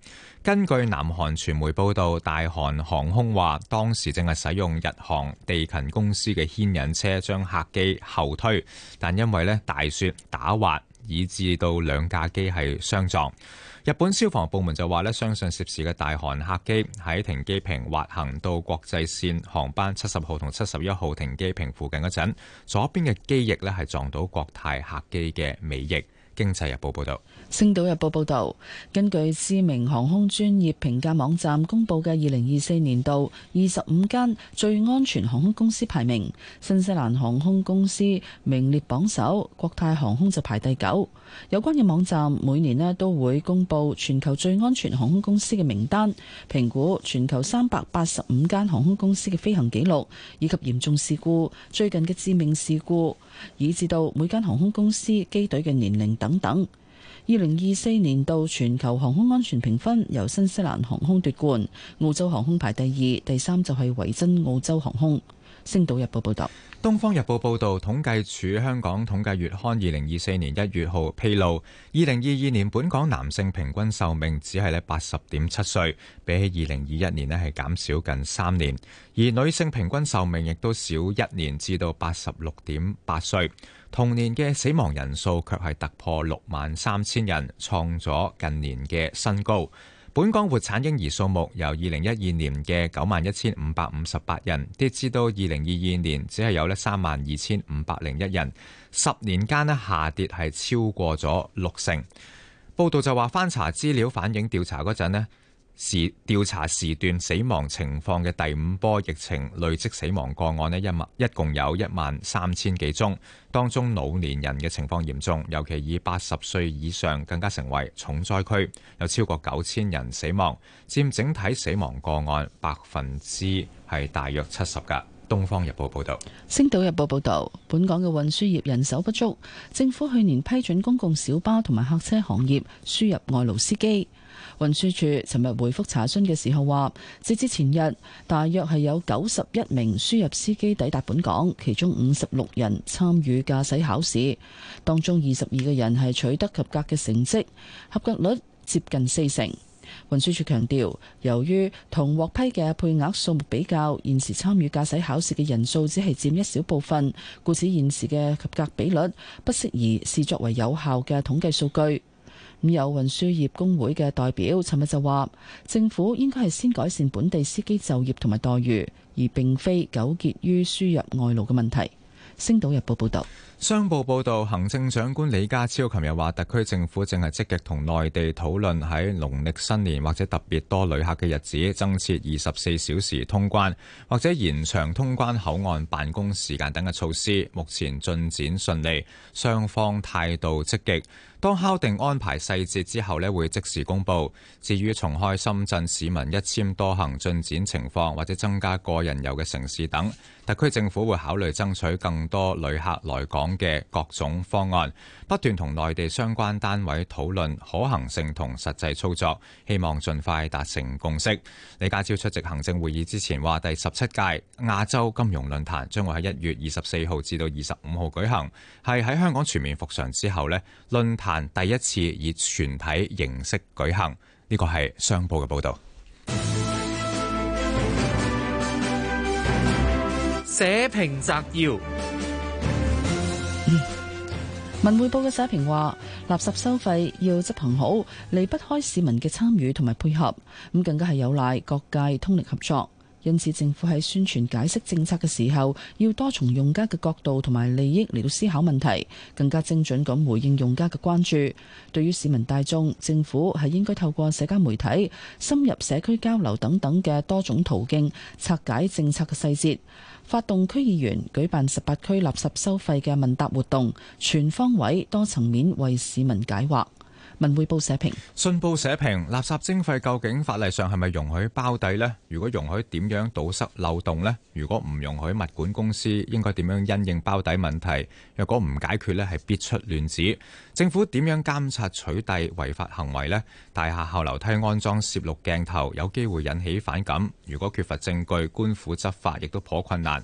根據南韓傳媒報道，大韓航空話當時正係使用日航地勤公司嘅牽引車將客機後推，但因為咧大雪打滑，以致到兩架機係相撞。日本消防部門就話咧，相信涉事嘅大韓客機喺停機坪滑行到國際線航班七十號同七十一號停機坪附近嗰陣，左邊嘅機翼咧係撞到國泰客機嘅尾翼。經濟日報報道。《星島日報》報道，根據知名航空專業評價網站公布嘅二零二四年度二十五間最安全航空公司排名，新西蘭航空公司名列榜首，國泰航空就排第九。有關嘅網站每年呢都會公布全球最安全航空公司嘅名單，評估全球三百八十五間航空公司嘅飛行記錄以及嚴重事故、最近嘅致命事故，以至到每間航空公司機隊嘅年齡等等。二零二四年度全球航空安全評分由新西蘭航空奪冠，澳洲航空排第二，第三就係維珍澳洲航空。星島日報報道，東方日報報道，統計處香港統計月刊二零二四年一月號披露，二零二二年本港男性平均壽命只係咧八十點七歲，比起二零二一年呢係減少近三年，而女性平均壽命亦都少一年至，至到八十六點八歲。同年嘅死亡人數卻係突破六萬三千人，創咗近年嘅新高。本港活產嬰兒數目由二零一二年嘅九萬一千五百五十八人跌至到二零二二年，只係有呢三萬二千五百零一人，十年間咧下跌係超過咗六成。報道就話，翻查資料反映調查嗰陣是調查時段死亡情況嘅第五波疫情累積死亡個案咧，一萬一共有一萬三千幾宗，當中老年人嘅情況嚴重，尤其以八十歲以上更加成為重災區，有超過九千人死亡，佔整體死亡個案百分之係大約七十㗎。東方日報報道，星島日報報道，本港嘅運輸業人手不足，政府去年批准公共小巴同埋客車行業輸入外勞司機。運輸處尋日回覆查詢嘅時候話，截至前日，大約係有九十一名輸入司機抵達本港，其中五十六人參與駕駛考試，當中二十二個人係取得及格嘅成績，合格率接近四成。運輸處強調，由於同獲批嘅配額數目比較，現時參與駕駛考試嘅人數只係佔一小部分，故此現時嘅及格比率不適宜視作為有效嘅統計數據。有運輸業工會嘅代表，尋日就話，政府應該係先改善本地司機就業同埋待遇，而並非糾結於輸入外勞嘅問題。《星島日報》報道，商報報道，行政長官李家超琴日話，特區政府正係積極同內地討論喺農曆新年或者特別多旅客嘅日子，增設二十四小時通關或者延長通關口岸辦公時間等嘅措施，目前進展順利，雙方態度積極。當敲定安排細節之後咧，會即時公佈。至於重開深圳市民一簽多行進展情況，或者增加個人遊嘅城市等。特區政府會考慮爭取更多旅客來港嘅各種方案，不斷同內地相關單位討論可行性同實際操作，希望盡快達成共識。李家超出席行政會議之前話，第十七屆亞洲金融論壇將會喺一月二十四號至到二十五號舉行，係喺香港全面復常之後呢論壇第一次以全體形式舉行。呢個係商報嘅報道。社評摘要，文匯報嘅社評話，垃圾收費要執行好，離不開市民嘅參與同埋配合，咁更加係有賴各界通力合作。因此，政府喺宣傳解釋政策嘅時候，要多從用家嘅角度同埋利益嚟到思考問題，更加精準咁回應用家嘅關注。對於市民大眾，政府係應該透過社交媒體、深入社區交流等等嘅多種途徑拆解政策嘅細節。發動區議員舉辦十八區垃圾收費嘅問答活動，全方位多層面為市民解惑。文匯報社評：信報社評，垃圾徵費究竟法例上係咪容許包底呢？如果容許，點樣堵塞漏洞呢？如果唔容許，物管公司應該點樣因應包底問題？若果唔解決呢，係必出亂子。政府點樣監察取締違法行為呢？大廈後樓梯安裝攝錄鏡頭，有機會引起反感。如果缺乏證據，官府執法亦都頗困難。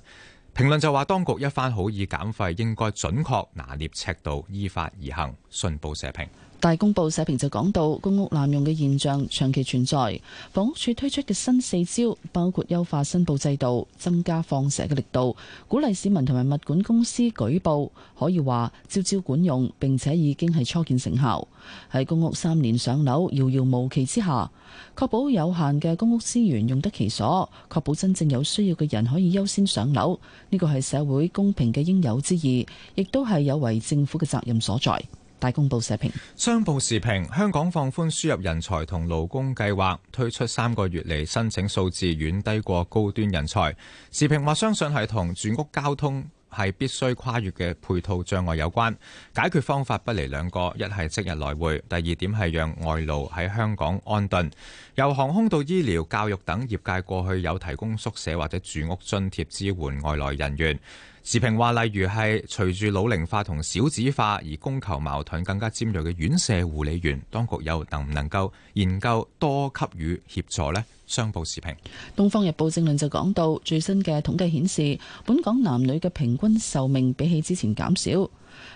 評論就話，當局一番好意減費，應該準確拿捏尺度，依法而行。信報社評。大公報社評就講到，公屋濫用嘅現象長期存在，房屋署推出嘅新四招包括優化申報制度、增加放蛇嘅力度、鼓勵市民同埋物管公司舉報，可以話招招管用。並且已經係初見成效。喺公屋三年上樓遙遙無期之下，確保有限嘅公屋資源用得其所，確保真正有需要嘅人可以優先上樓，呢個係社會公平嘅應有之義，亦都係有為政府嘅責任所在。大公報社評，商報時評，香港放寬輸入人才同勞工計劃推出三個月嚟申請數字遠低過高端人才。時評話相信係同住屋交通係必須跨越嘅配套障礙有關，解決方法不離兩個，一係即日來回，第二點係讓外勞喺香港安頓，由航空到醫療教育等業界，過去有提供宿舍或者住屋津貼支援外來人員。時評話，例如係隨住老齡化同少子化而供求矛盾更加尖銳嘅院舍護理員，當局又能唔能夠研究多給予協助呢？商報時評。《東方日報》正論就講到，最新嘅統計顯示，本港男女嘅平均壽命比起之前減少。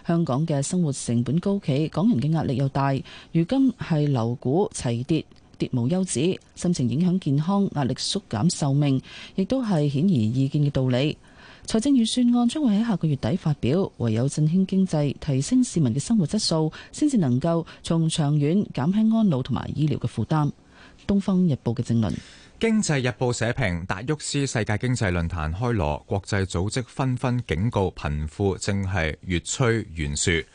香港嘅生活成本高企，港人嘅壓力又大，如今係樓股齊跌，跌無休止，心情影響健康，壓力縮減壽命，亦都係顯而易見嘅道理。財政預算案將會喺下個月底發表，唯有振興經濟、提升市民嘅生活質素，先至能夠從長遠減輕安老同埋醫療嘅負擔。《東方日報》嘅正論，《經濟日報》社評：達沃斯世界經濟論壇開鑼，國際組織紛紛警告，貧富正係越趨懸殊。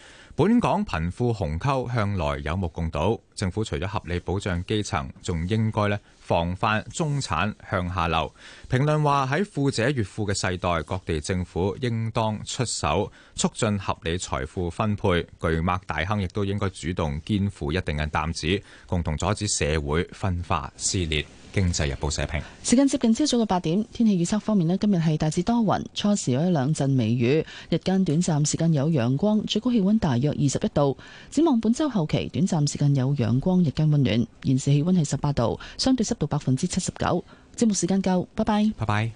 本港貧富鴻溝向來有目共睹，政府除咗合理保障基層，仲應該呢防範中產向下流。評論話喺富者越富嘅世代，各地政府應當出手促進合理財富分配，巨擘大亨亦都應該主動肩負一定嘅擔子，共同阻止社會分化撕裂。經濟日報社評，時間接近朝早嘅八點，天氣預測方面呢，今日係大致多雲，初時有一兩陣微雨，日間短暫時間有陽光，最高氣溫大約二十一度，展望本周後期短暫時間有陽光，日間溫暖，現時氣溫係十八度，相對濕度百分之七十九。節目時間夠，拜拜。拜拜。